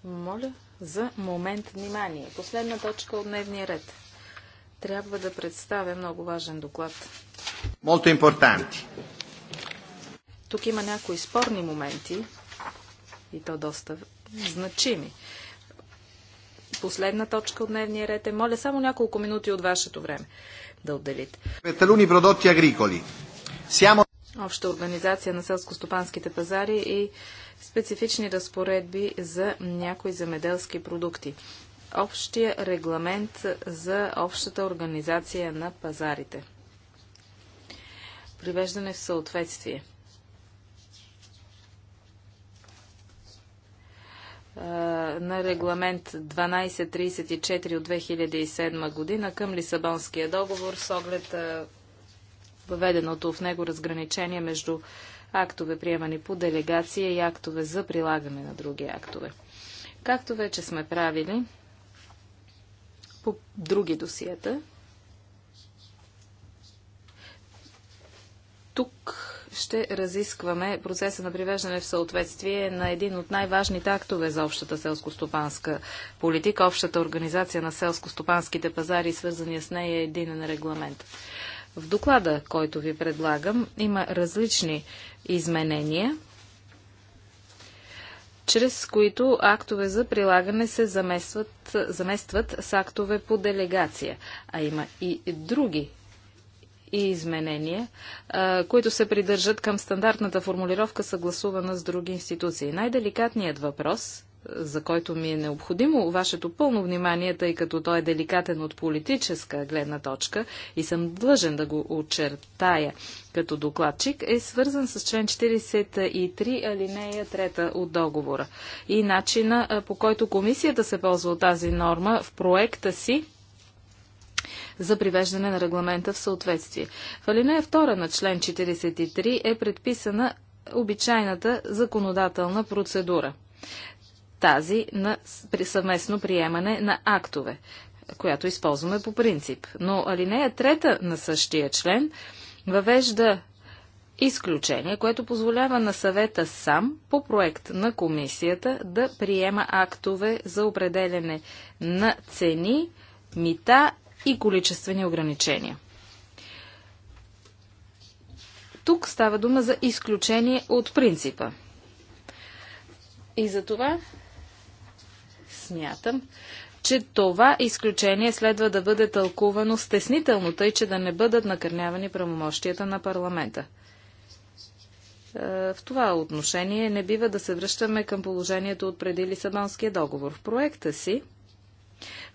Моля за момент внимание. Последна точка от дневния ред. Трябва да представя много важен доклад. Много импортанти. Тук има някои спорни моменти, и то доста значими. Последна точка от дневния ред е, моля само няколко минути от вашето време да отделите. Петалуни продукти агриколи. Сямо... Обща организация на селско-стопанските пазари и специфични разпоредби за някои земеделски продукти. Общия регламент за общата организация на пазарите. Привеждане в съответствие – на регламент 1234 от 2007 година към Лисабонския договор с оглед въведеното в него разграничение между актове приемани по делегация и актове за прилагане на други актове. Както вече сме правили по други досиета, тук ще разискваме процеса на привеждане в съответствие на един от най-важните актове за общата селско-стопанска политика, общата организация на селско-стопанските пазари, свързания с нея е един регламент. В доклада, който ви предлагам, има различни изменения, чрез които актове за прилагане се заместват, заместват с актове по делегация, а има и други и изменения, които се придържат към стандартната формулировка, съгласувана с други институции. Най-деликатният въпрос, за който ми е необходимо вашето пълно внимание, тъй като той е деликатен от политическа гледна точка и съм длъжен да го очертая като докладчик, е свързан с член 43 алинея 3 от договора и начина по който комисията се ползва от тази норма в проекта си за привеждане на регламента в съответствие. В алинея 2 на член 43 е предписана обичайната законодателна процедура. Тази на съвместно приемане на актове, която използваме по принцип. Но алинея 3 на същия член въвежда изключение, което позволява на съвета сам по проект на комисията да приема актове за определене на цени, мита и количествени ограничения. Тук става дума за изключение от принципа. И за това смятам, че това изключение следва да бъде тълкувано стеснително, тъй че да не бъдат накърнявани правомощията на парламента. Е, в това отношение не бива да се връщаме към положението от преди Лисабонския договор. В проекта си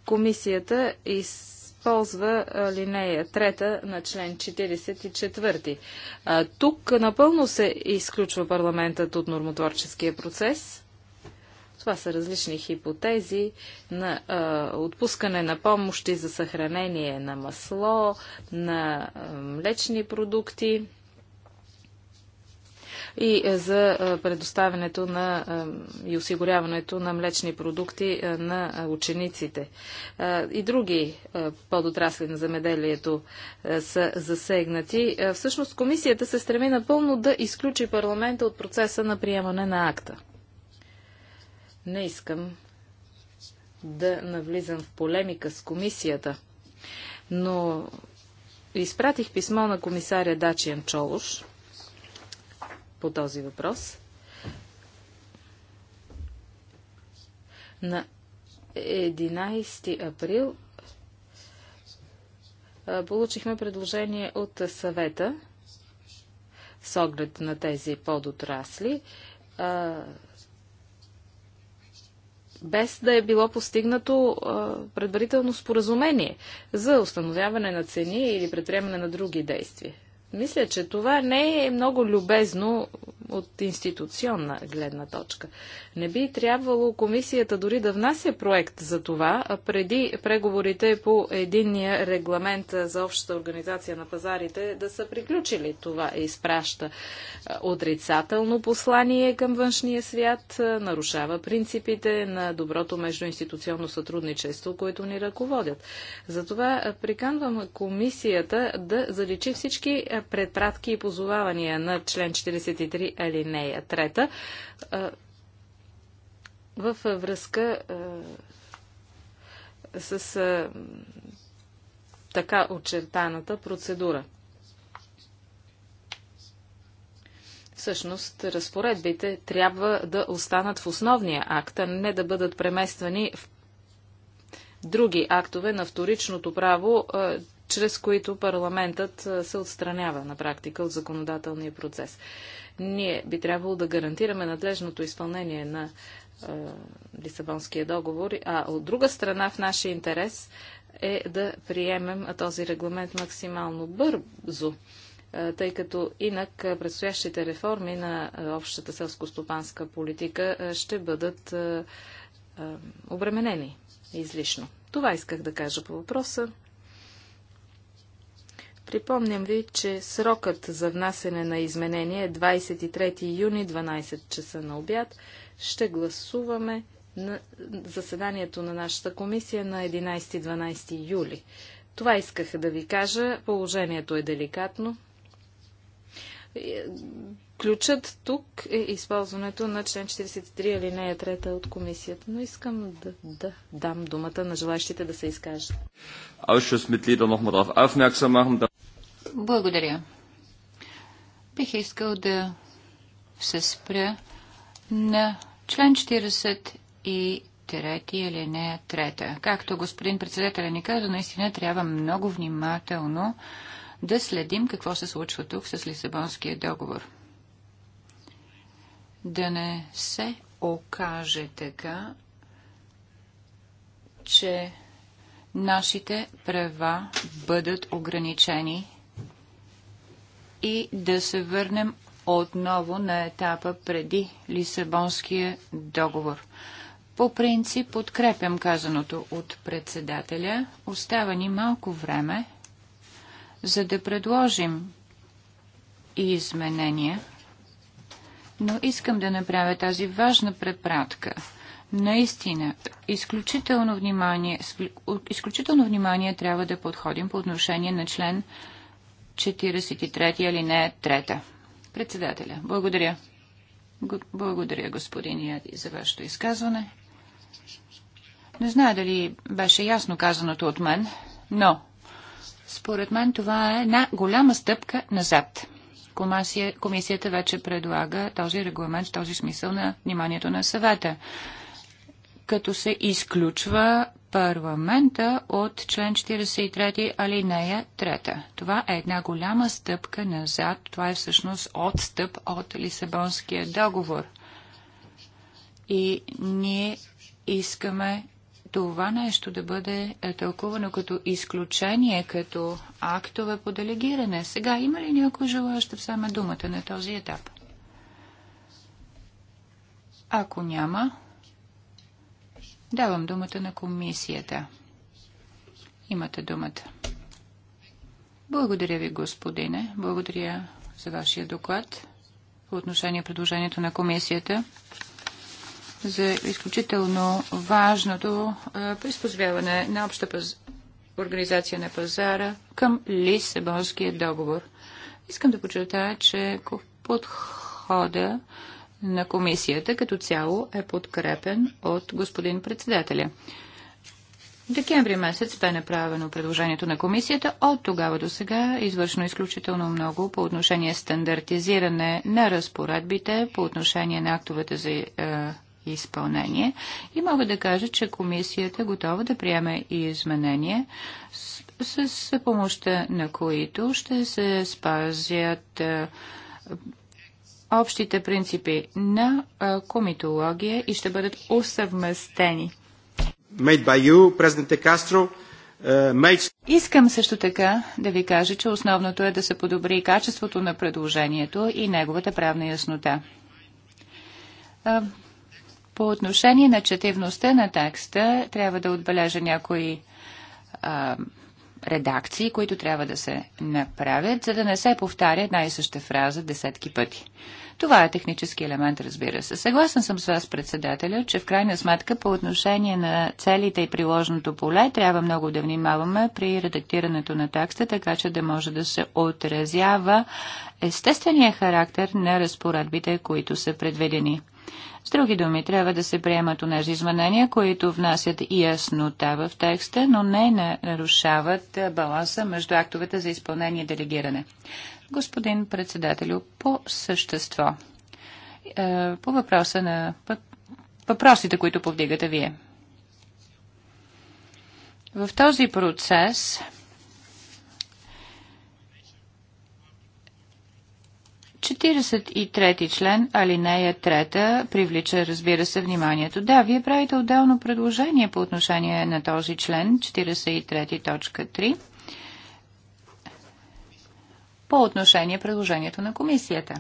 комисията из Ползва линея трета на член 44. тук напълно се изключва парламентът от нормотворческия процес. Това са различни хипотези на а, отпускане на помощи за съхранение на масло, на а, млечни продукти и е, за е, предоставянето на е, и осигуряването на млечни продукти на учениците. И други подотрасли на замеделието са засегнати. Всъщност комисията се стреми напълно да изключи парламента от процеса на приемане на акта. Не искам да навлизам в полемика с комисията, но изпратих писмо на комисаря Дачиен Чолуш – по този въпрос. На 11 април получихме предложение от съвета с оглед на тези подотрасли, без да е било постигнато предварително споразумение за установяване на цени или предприемане на други действия. Мисля, че това не е много любезно от институционна гледна точка. Не би трябвало комисията дори да внася проект за това, преди преговорите по единния регламент за общата организация на пазарите да са приключили. Това изпраща отрицателно послание към външния свят, нарушава принципите на доброто междуинституционно сътрудничество, което ни ръководят. Затова приканвам комисията да заличи всички предпратки и позовавания на член 43 алинея 3 в връзка с така очертаната процедура. Всъщност, разпоредбите трябва да останат в основния акт, а не да бъдат премествани в други актове на вторичното право, чрез които парламентът се отстранява на практика от законодателния процес. Ние би трябвало да гарантираме надлежното изпълнение на е, Лисабонския договор, а от друга страна в нашия интерес е да приемем този регламент максимално бързо е, тъй като инак е, предстоящите реформи на е, общата селско-стопанска политика ще бъдат обременени излишно. Това исках да кажа по въпроса. Припомням ви, че срокът за внасене на изменение е 23 юни 12 часа на обяд. Ще гласуваме на заседанието на нашата комисия на 11-12 юли. Това исках да ви кажа. Положението е деликатно. Е, ключът тук е използването на член 43 алинея 3 от комисията, но искам да, да дам думата на желащите да се изкажат. Ausschussmitglieder nochmal darauf aufmerksam machen. Благодаря. Бих искал да се спря на член 40 и трети или не трета. Както господин председател, ни каза, наистина трябва много внимателно да следим какво се случва тук с Лисабонския договор. Да не се окаже така, че нашите права бъдат ограничени и да се върнем отново на етапа преди Лисабонския договор. По принцип подкрепям казаното от председателя. Остава ни малко време, за да предложим и изменения, но искам да направя тази важна препратка. Наистина, изключително внимание, изключително внимание трябва да подходим по отношение на член 43 алинея 3. Председателя, благодаря. Благодаря, господин Яди, за вашето изказване. Не знае дали беше ясно казаното от мен, но според мен това е на голяма стъпка назад. Комисия, комисията вече предлага този регламент в този смисъл на вниманието на съвета, като се изключва парламента от член 43 алинея 3. Това е една голяма стъпка назад. Това е всъщност отстъп от Лисабонския договор. И ние искаме това нещо да бъде тълкувано като изключение, като актове по делегиране. Сега има ли някой желаящ да вземе думата на този етап? Ако няма, Давам думата на комисията. Имате думата. Благодаря ви, господине. Благодаря за вашия доклад по отношение предложението на комисията за изключително важното приспозвяване на обща паз... организация на пазара към Лисабонския договор. Искам да подчертая, че подхода на комисията като цяло е подкрепен от господин председателя. В декември месец бе направено предложението на комисията. От тогава до сега е извършено изключително много по отношение стандартизиране на разпоредбите, по отношение на актовете за е, изпълнение. И мога да кажа, че комисията е готова да приеме и изменение, с, с помощта на които ще се спазят е, общите принципи на комитология и ще бъдат усъвместени. You, е, made... Искам също така да ви кажа, че основното е да се подобри качеството на предложението и неговата правна яснота. По отношение на четивността на текста, трябва да отбележа някои редакции, които трябва да се направят, за да не се повтаря една и съща фраза десетки пъти. Това е технически елемент, разбира се. Съгласен съм с вас, председателя, че в крайна сметка по отношение на целите и приложеното поле трябва много да внимаваме при редактирането на текста, така че да може да се отразява естествения характер на разпоредбите, които са предведени. С други думи, трябва да се приемат унези изменения, които внасят и яснота в текста, но не нарушават баланса между актовете за изпълнение и делегиране. Господин председателю, по същество, е, по въпроса на въпросите, които повдигате вие. В този процес 43 член, алинея 3, привлича, разбира се, вниманието. Да, вие правите отделно предложение по отношение на този член, 43.3, по отношение предложението на комисията.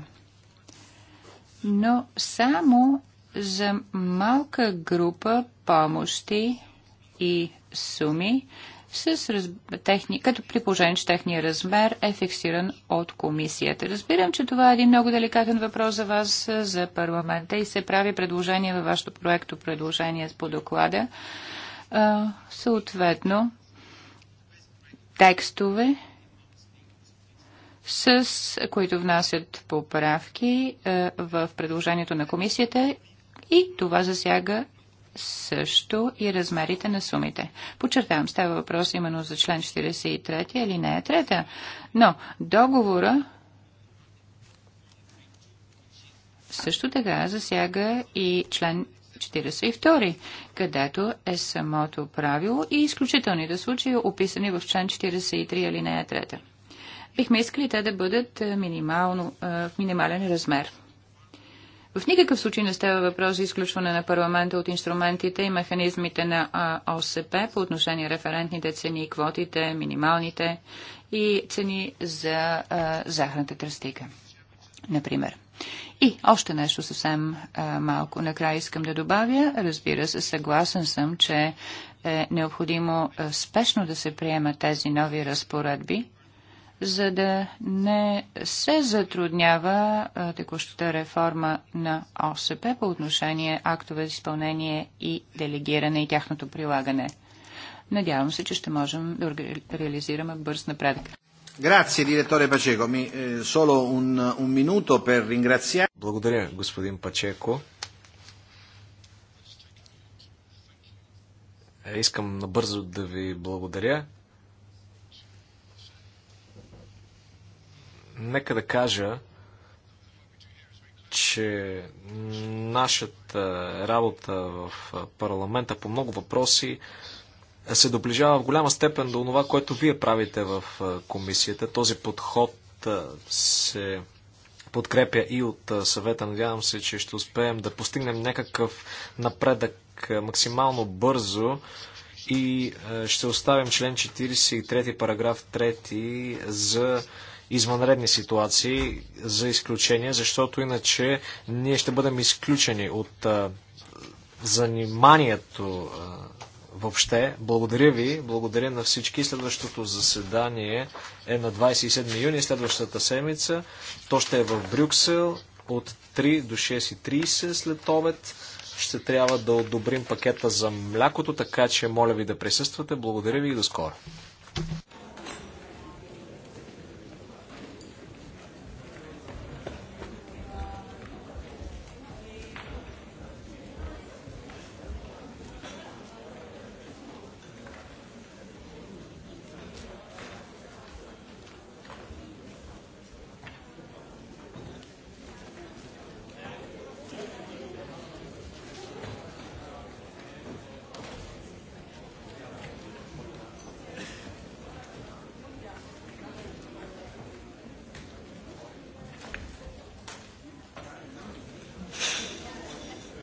Но само за малка група помощи и суми с раз... техни... като при положение, че техния размер е фиксиран от комисията. Разбирам, че това е един много деликатен въпрос за вас, за парламента и се прави предложение във вашето проекто предложение по доклада. А, съответно, текстове, с които внасят поправки а, в предложението на комисията и това засяга също и размерите на сумите. Подчертавам, става въпрос именно за член 43 или не е трета. Но договора също така засяга и член 42, където е самото правило и изключителните случаи, описани в член 43 или не е трета. Бихме искали те да бъдат е, минимално, е, в минимален размер. В никакъв случай не става въпрос за изключване на парламента от инструментите и механизмите на ОСП по отношение референтните цени, квотите, минималните и цени за а, захарната тръстика, например. И още нещо съвсем а, малко накрая искам да добавя. Разбира се, съгласен съм, че е необходимо а, спешно да се приемат тези нови разпоредби, за да не се затруднява текущата реформа на ОСП по отношение актове за изпълнение и делегиране и тяхното прилагане. Надявам се, че ще можем да реализираме бърз напредък. Grazie direttore Paceco, Mi, eh, solo un, un minuto per ringraziare. Благодаря, господин Пачеко. Е, искам набързо да ви благодаря. Нека да кажа, че нашата работа в парламента по много въпроси се доближава в голяма степен до това, което вие правите в комисията. Този подход се подкрепя и от съвета. Надявам се, че ще успеем да постигнем някакъв напредък максимално бързо и ще оставим член 43 параграф 3 за извънредни ситуации за изключение, защото иначе ние ще бъдем изключени от а, заниманието а, въобще. Благодаря ви, благодаря на всички. Следващото заседание е на 27 юни, следващата седмица. То ще е в Брюксел от 3 до 6.30 след обед. Ще трябва да одобрим пакета за млякото, така че моля ви да присъствате. Благодаря ви и до скоро.